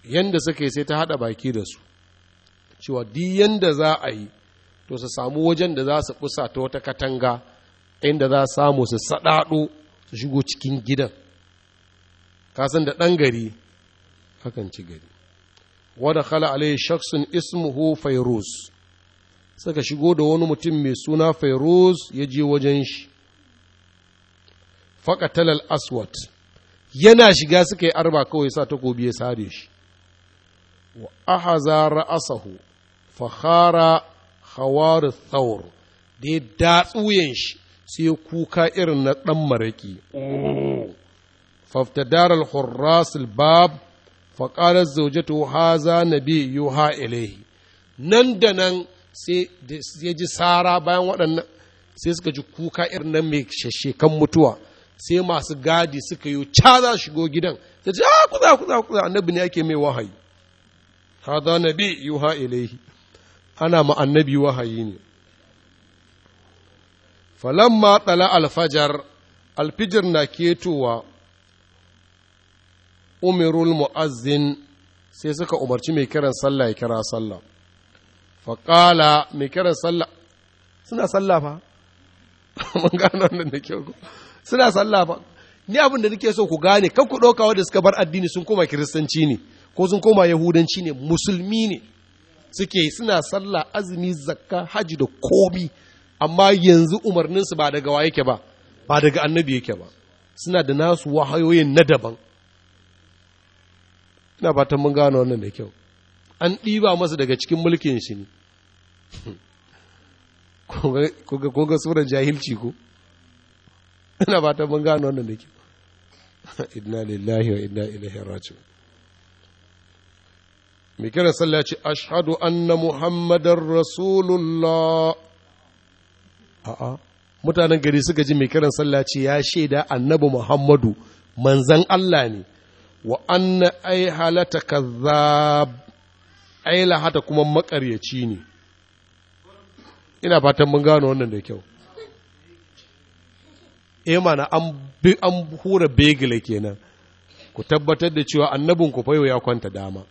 yanda suka yi sai ta haɗa baki da su cewa duk yanda za a yi to su samu wajen da za su kusa ta wata katanga inda za su samu su saɗaɗo su shigo cikin gidan kasan da ɗan gari hakan ci gari wadda khala shaksun ismuhu fairuz suka shigo da wani mutum mai suna fairuz ya je wajen shi faƙatalal aswat yana shiga suka yi arba kawai sa takobi ya sare shi wa ahaza ra'asahu fahara hawar thaur da ya datsuyen shi sai kuka irin na ɗan maraƙi faftadar al-hurras bab faƙarar zaujatu haza nabi yuha ilaihi nan da nan sai ya ji sara bayan waɗannan sai suka ji kuka irin na mai shashekan mutuwa sai masu gadi suka yi caza shigo gidan sai ce ah kuza kuza kuza annabi ne ake mai wahayi hada nabi yuha ilaihi ana ma annabi wahayi ne falamma tsala alfajar alfijir na ketowa umirul mu'azzin sai suka umarci mai kiran sallah ya kira sallah faƙala mai kiran sallah suna sallah fa (laughs) mun gano nan da kyau suna sallah ba ni abin da nake so ku gane kan ku ɗauka wanda suka bar addini sun koma kiristanci ne ko sun koma yahudanci ne musulmi ne suke suna sallah azumi zakka haji da komi amma yanzu umarninsu ba daga wa yake ba ba daga annabi yake ba suna da nasu wahayoyin na daban ina fatan mun gano wannan da kyau an ɗiba masa daga cikin mulkin shi ne (laughs) ko ga suran jahilci ko (laughs) ina ba ta mun gano wannan da ke (laughs) inna lillahi wa inna ilaihi raji'un mai kira sallah ce ashadu anna muhammadar rasulullah a'a mutanen gari suka ji mai kiran salla ce ya shaida annabi muhammadu manzan Allah ne wa anna ai halata kazzab ai lahata kuma makaryaci ne ina fatan mun gano wannan da kyau e mana an hura begila kenan ku tabbatar da cewa annabin ku fayo ya kwanta dama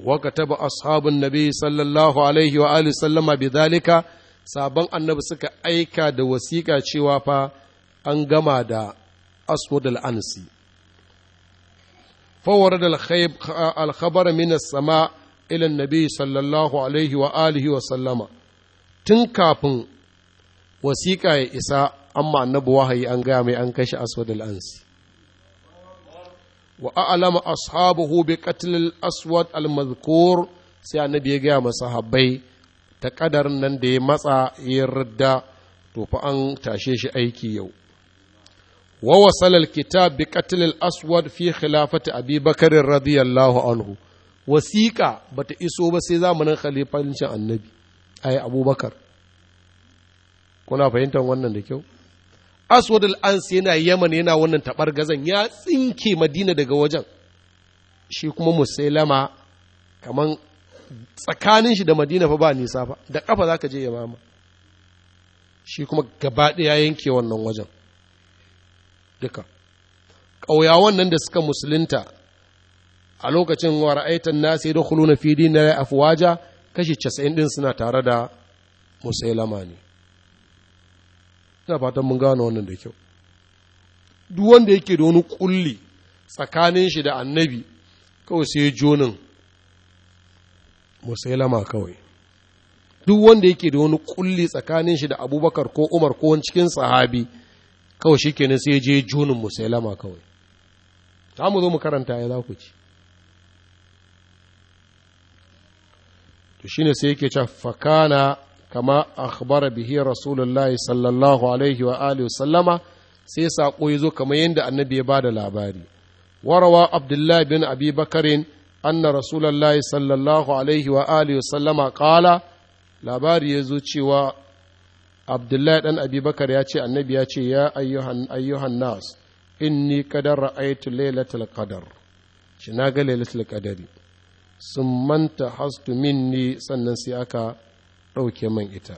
wa kataba ashabun nabi sallallahu alaihi wa alihi sallama dalika sabon annabi suka aika da wasiƙa cewa fa an gama da aswad al-ansi فورد sama من nabi sallallahu alaihi wa alihi wa sallama tun kafin wasiƙa ya isa amma annabi wahayi an gaya mai an kashe aswad al'ansi wa a'lama ashabuhu bi qatl aswad al sai annabi ya gaya masahabbai ta kadarin nan da ya matsa ya ridda to fa an tashe shi aiki yau wa wasala kitab bi katilin aswad fi khilafati abi radiyallahu anhu wasiƙa bata iso ba sai zamanin khalifancin annabi ai abubakar kuna fahimtar wannan da kyau aswad al’ansu yana yaman yana wannan taɓar gazan ya tsinke madina daga wajen shi kuma musailama kaman tsakanin shi da madina fa ba nisa ba da ƙafa za ka je mama shi kuma gaba ɗaya yanke wannan wajen duka ƙauya wannan da suka musulunta a lokacin wara aitan nasi da na dinin afuwaja kashi 90 ɗin suna tare da musailama ne ta fatan mun gano wannan da kyau duk wanda yake da wani kulli tsakanin shi da annabi kawai sai jonin musailama kawai duk wanda yake da wani kulli tsakanin shi da abubakar ko umar ko wani cikin sahabi kawai shi kenan sai je jonin musailama kawai ta mu zo mu karanta ya za ku ci to shine sai yake cewa fakana kama akhbara bihi rasulullahi sallallahu alaihi wa sallama sai saƙo ya zo kamar yadda annabi ya bada labari warawa abdullahi bin abi bakarin anna rasulullahi sallallahu alaihi wa sallama qala labari ya zo cewa abdullahi dan abi bakar ya ce annabi ya ce ya ayyuhan ayyuhan nas inni kadar ra'aytu lailatul qadar shi na ga lailatul qadari sun hastu minni sannan sai aka ɗauke man ita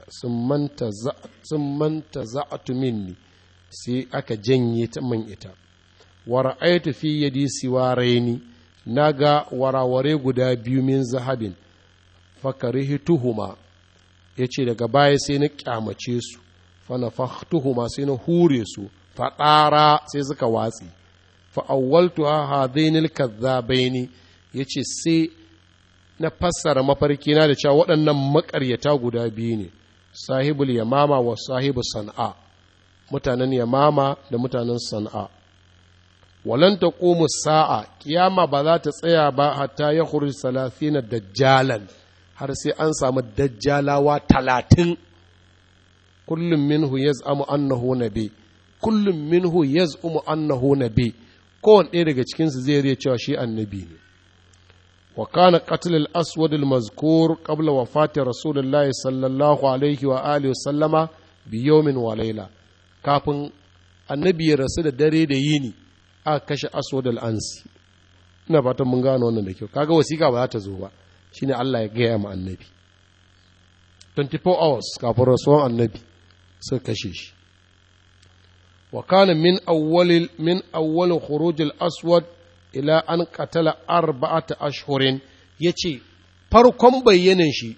sun manta za'atu minni sai aka janye ta man ita wara wara'aitu fi yadi raini na ga warware guda biyu min zahabin fakarihi tuhuma ya ce daga baya sai na kyamace su fana fahtuhuma sai na hure su faɗara sai suka watsi fa'awwaltu ha hadainil kazzabaini ya ce sai na fassara mafarki na da cewa waɗannan maƙaryata guda biyu ne sahibul yamama wa sahibu san'a mutanen yamama da mutanen san'a walan ta sa'a kiyama ba za ta tsaya ba hatta ya hurri salasina dajjalan har sai an samu dajjalawa talatin kullum minhu na annahu nabi kullum minhu yaz'amu annahu nabi kowane ɗaya daga cikinsu zai riya cewa shi annabi ne وكان قتل الأسود المذكور قبل وفاة رسول الله صلى الله عليه وآله وسلم بيوم وليلة كافن النبي رسول دري ديني أكش أسود الأنس ina fatan mun gano wannan da kyau kaga wasiƙa ba za ta zo ba shine Allah ya gaya ma annabi 24 hours kafin rasuwan annabi suka kashe shi wa kana min awwal min awwal khuruj aswad ila an katala arba'ata ashhurin ya ce farkon bayyanin shi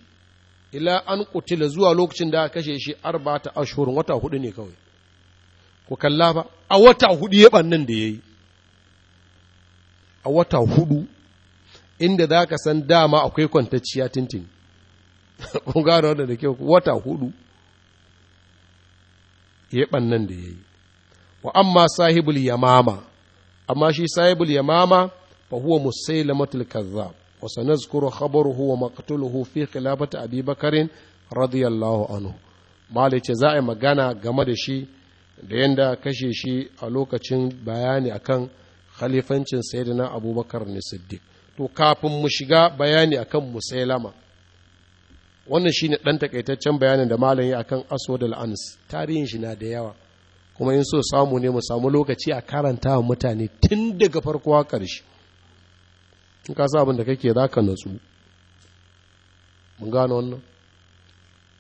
ila an kutila zuwa lokacin da aka kashe shi arba'ata ashhurin wata hudu ne kawai ku kalla ba a wata hudu ya bannan da yayi a wata hudu inda za ka san dama akwai kwantacciya tintin kun (laughs) gano wanda da kyau wata hudu ya bannan da yayi wa amma sahibul yamama amma shi sahibul yamama fa huwa musailamatul kazzab wa sanazkuru khabaruhu wa maqtuluhu fi khilafati abi bakarin radiyallahu anhu mali ce za a yi magana game da shi da yanda kashe shi a lokacin bayani akan khalifancin sayyidina abubakar ne siddiq to kafin mu shiga bayani akan musailama wannan shine dan takaitaccen bayanin da malam yi akan aswad al-ans tarihin shi na da yawa kuma yin so samu ne mu samu lokaci a karanta wa mutane tun daga farko a ƙarshe in ka abin da kake za ka natsu mun gano wannan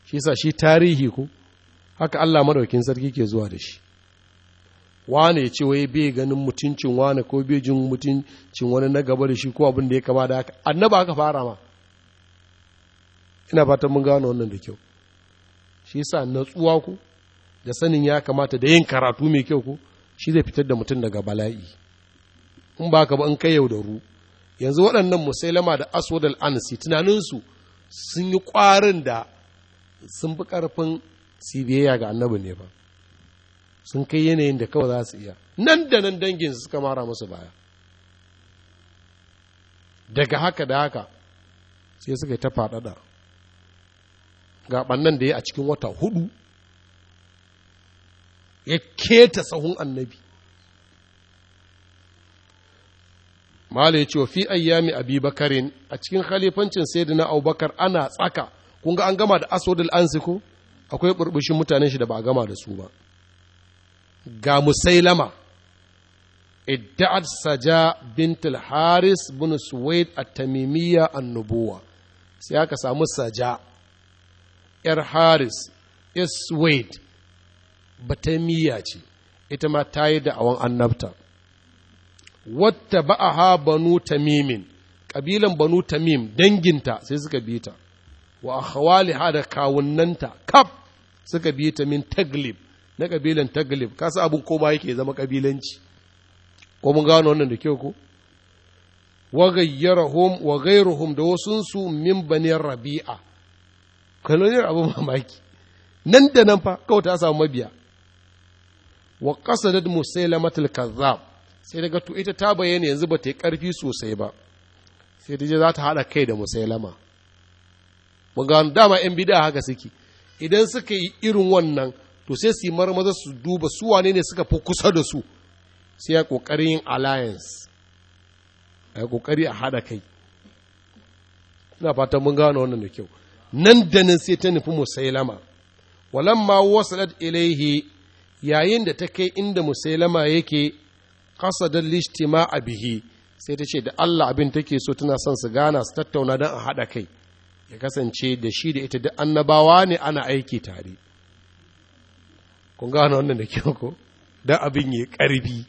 shi sa shi tarihi ko haka Allah madaukin sarki ke zuwa da shi wane ce wai bai ganin mutuncin wane ko bai jin mutuncin wani na gaba da shi ko abin da ya kama da haka annaba aka fara ma ina fatan mun gano wannan da kyau shi sa natsuwa ku da sanin ya kamata da yin karatu mai kyau ko shi zai fitar da mutum daga bala'i in ba ka ba in kai yaudaru yanzu waɗannan musailama da aswad al-ansi tunaninsu sun yi ƙwarin da sun fi ƙarfin sibiyayya ga annabi ne ba sun kai yanayin da kawai za su iya nan da nan dangin suka mara musu baya daga haka da haka sai suka yi ta faɗaɗa ga nan da ya a cikin wata hudu ya keta sahun annabi mala ya ce wa fi ayyami abi bakarin a cikin khalifancin na abubakar ana tsaka kunga an gama da asodul an ko akwai burbushin mutanen shi da ba a gama da su ba ga musailama idda'at saja bintul haris bin suwaid a tamimiyya annubuwa sai aka samu saja yar haris Is suwaid miya ce ita ma ta yi awon annabta wata ba'aha banu tamimin ƙabilan banu tamim danginta sai suka bi ta wa akhwaliha da kawunnanta kaf suka bi ta min taglib na kabilan taglib kasa abin koma yake zama kabilanci. ko mun gano wannan da kyau ko wa gayyarahum wa da su min bani rabi'a kalonin abin mamaki nan da nan fa kawai ta samu mabiya wa kasadad musailamatul kazzab sai daga to ita ta bayyana yanzu ba ta yi karfi sosai ba sai ta je za ta haɗa kai da musailama mun ga dama yan bid'a haka suke idan suka yi irin wannan to sai su yi marmaza su duba su wane ne suka fi kusa da su sai ya kokarin yin alliance a kokari a haɗa kai ina fatan mun gano wannan da kyau nan da nan sai ta nufi musailama walamma wasalat ilaihi yayin da ta kai inda musailama yake kasadar ma a bihi sai ta ce da Allah abin take so tana son su gana su tattauna don a haɗa kai ya kasance da shi da ita da annabawa ne ana aiki tare kun gane wannan da kyau ko don abin ya ƙarfi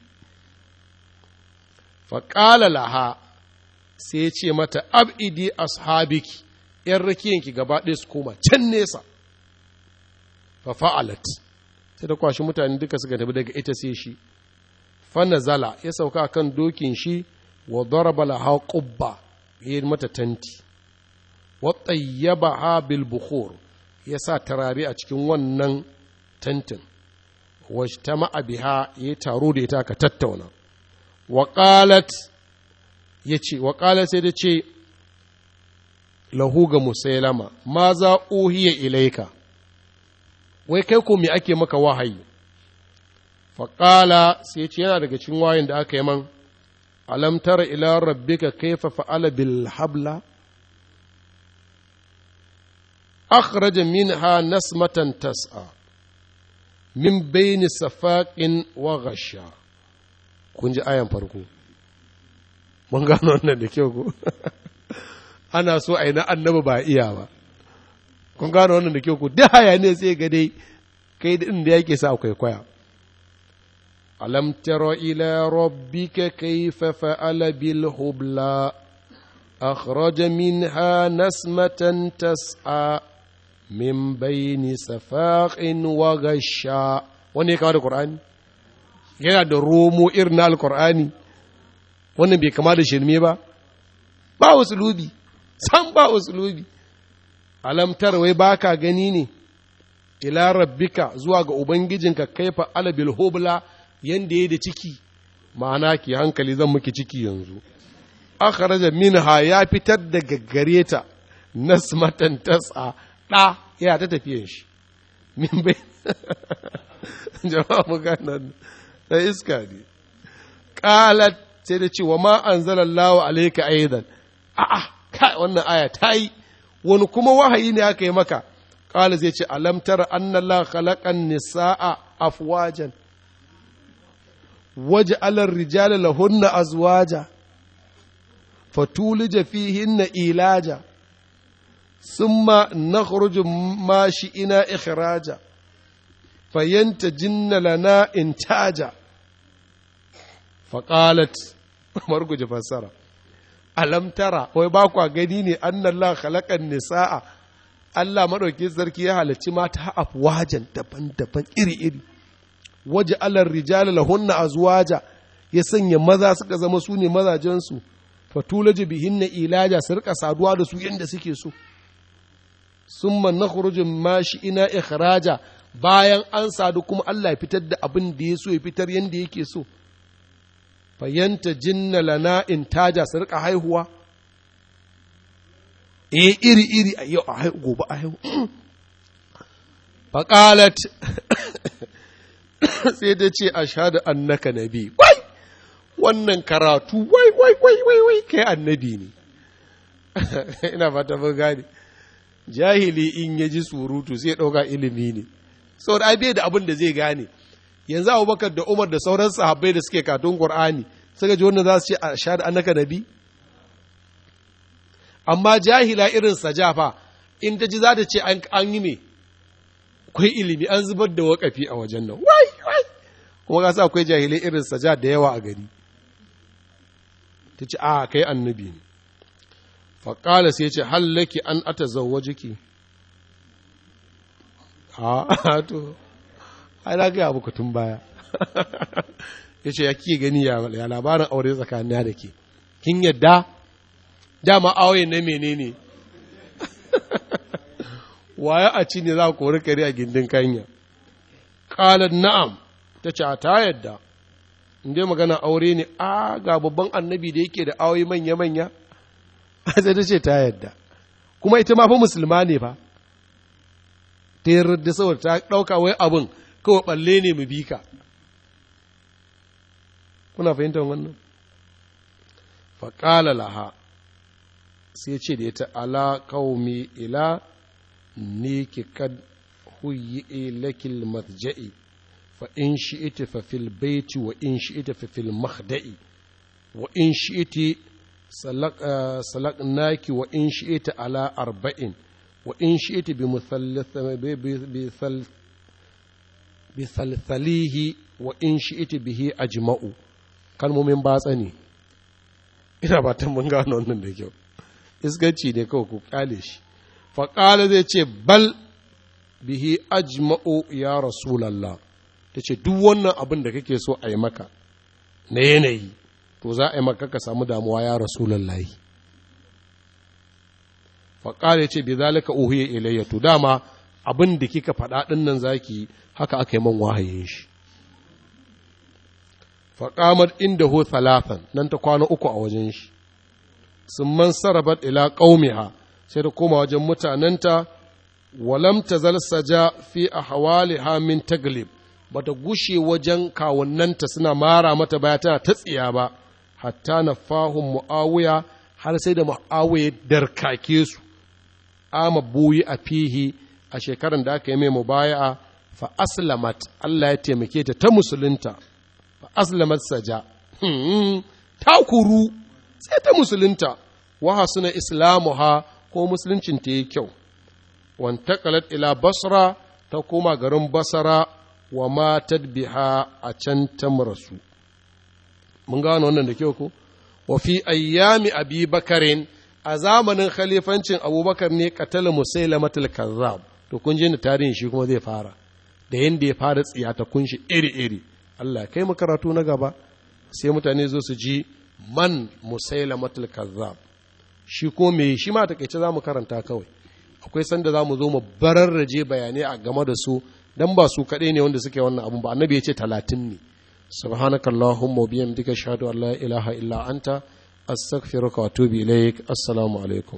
faƙala laha sai ce mata abidi ashabiki ‘yan rakiyanki gaba ɗaya su koma can nesa fa fa'alat sai da kwashi mutane duka suka tafi daga ita sai shi fana zala ya sauka kan dokin shi wa daraba laha qubba ya mata tanti wa tayyabaha bil bukhur ya sa tarare a cikin wannan tantin wajtama'a biha ya taro da ita ka tattauna wa qalat ya ce wa qalat sai da ce lahu ga musailama ma za uhiya ilaika wai kai ko me ake maka wahayi faƙala sai ce yana daga cikin wayin da aka yi man alamtara tara ila rabbika kaifa fa'ala bil habla akhraja minha nasmatan tas'a min baini safaqin wa ghasha kun ji ayan farko mun gano wannan da kyau ko (laughs) ana so a yi na annabi ba iya ba kun gano wannan da kyau ku duk hayaniya sai ga dai kai din da yake sa kai kwaya alam tara ila rabbika kayfa fa'ala bil hubla أخرج منها نسمة تسعى من بين سفاق وغشا wani ya kama da ƙur'ani yana da romo irin na alƙur'ani wani bai kama da shirme ba ba usulubi san ba usulubi alamtar wai baka gani ne ila rabbika zuwa ga ubangijinka kaifa alabil hubla yanda yayi da ciki ma'ana ki hankali zan miki ciki yanzu akhraja minha ya fitar da gaggareta nasmatan tas'a da ya ta tafiyan shi min bai (laughs) jama'a mu da iska ne qalat sai da ce wa ma anzalallahu alayka aidan a'a kai wannan aya ta yi wani kuma wahayi ne aka yi maka ƙala zai ce alamtar annala khalaqan nisa'a afwajan waje alar rijala lahunna azwaja fatulija fihinna ilaja summa nakhruju ma ina ikhraja fayanta jinna lana intaja faqalat (laughs) marguje fassara alamtara wai ba kwa gani ne annallah khalaqan nisa'a Allah madauki sarki ya halarci mata wajen daban-daban iri-iri waje alar rijal lahunna azwaja ya sanya maza suka zama su ne mazajen su fatulaji bihinna ilaja su rika saduwa da su yanda suke so summa nakhrujum mashi ina ikhraja bayan an sadu kuma Allah ya fitar da abin da ya so ya fitar yanda yake so fayanta jinna lana in taja su rika haihuwa eh iri iri a yau a haihu gobe a haihu (clears throat) faƙalat (coughs) sai ta ce ashhadu annaka nabi wai wannan karatu wai wai wai wai wai kai annabi ne (laughs) ina fata mun gane jahili in ya ji surutu zai ɗauka ilimi ne saboda ai bai da abin da zai gane yanzu abubakar da umar da sauran sahabbai da suke katun qur'ani suka ji wannan za su ce a sha da annaka nabi amma jahila irin sajafa in ta ji za ta ce an yi ne akwai ilimi an zubar da wakafi a wajen nan wai wai kuma ka sa akwai jahilai irin saja da yawa a gari ta ce a kai annabi ne faƙala sai ce hallaki an ata zauwa jiki? a (laughs) ah, to ai na gaya muku tun baya (laughs) ya ce ya kiye gani ya labarin aure tsakanin da ke kin yadda dama awoyin na menene (laughs) waye a ci ne za ku kori kari a gindin kanya ƙalar na'am ta ce a ta yadda in magana aure ne a ga babban annabi da yake da awoyi manya manya A (laughs) sai ta ce ta yadda kuma ita ma fa musulma ne fa ta yarda saboda ta ɗauka wai abin kawai balle ne mu bi ka kuna fahimtar wannan faƙala laha sai ce da ita ala qaumi ila ni ki kad huyi lakil matja'i fa in shi'ita fa fil baiti wa in shi'ita fa fil mahda'i wa in shi'ti eh, salaknaki wa in shi'ita ala arba'in wa in shi'ti bi bi salsalihi wa in shi'iti bihi ajma'u kalmomin batsa ne ina ba ta mun gano wannan da kyau iskanci ne kawai ku kyale shi fa zai ce bal bihi ajma'u ya rasulallah ta ce duk wannan abin da kake so a yi maka na yanayi to za a yi maka ka samu damuwa ya rasulallahi faƙar ya ce bi zalika uhiya ilayya to dama abin da kika faɗa ɗin nan zaki haka aka yi man wahayin shi faƙamar inda ho talatan nan ta kwana uku a wajen shi sun man sarabat ila ƙaumiha sai ta koma wajen mutanenta walam ta zalsaja fi a hawaliha min taglib bata gushe wajen kawunnanta suna mara mata baya tana ta tsiya ba hatta na fahun mu'awiya har sai da mu'awiya darkake su ama buyi a fihi a shekaran da aka yi mai mubaya'a fa aslamat Allah ya taimake ta ta musulunta fa aslamat saja hmm, ta kuru sai ta musulunta wa hasuna islamuha ko musuluncin ta yi kyau taqalat ila basra ta koma garin basra wa matat biha a can ta marasu mun gano wannan da kyau ko wa fi ayyami abi bakarin a zamanin khalifancin abubakar ne katala musailamatul kazzab to kun ji tarihin shi kuma zai fara da yadda ya fara tsiyata kunshi iri-iri Allah kai mu karatu na gaba sai mutane zo su ji man musaila matul kazzab shi ko me shi ma takaice za mu karanta kawai akwai sanda za mu zo mu bararraje bayanai a game da su dan ba su kaɗai ne wanda suke wannan abun ba annabi ya ce talatin ne subhanakallahu اللهم وبحمدك اشهد ان ilaha illa anta انت استغفرك واتوب اليك alaikum.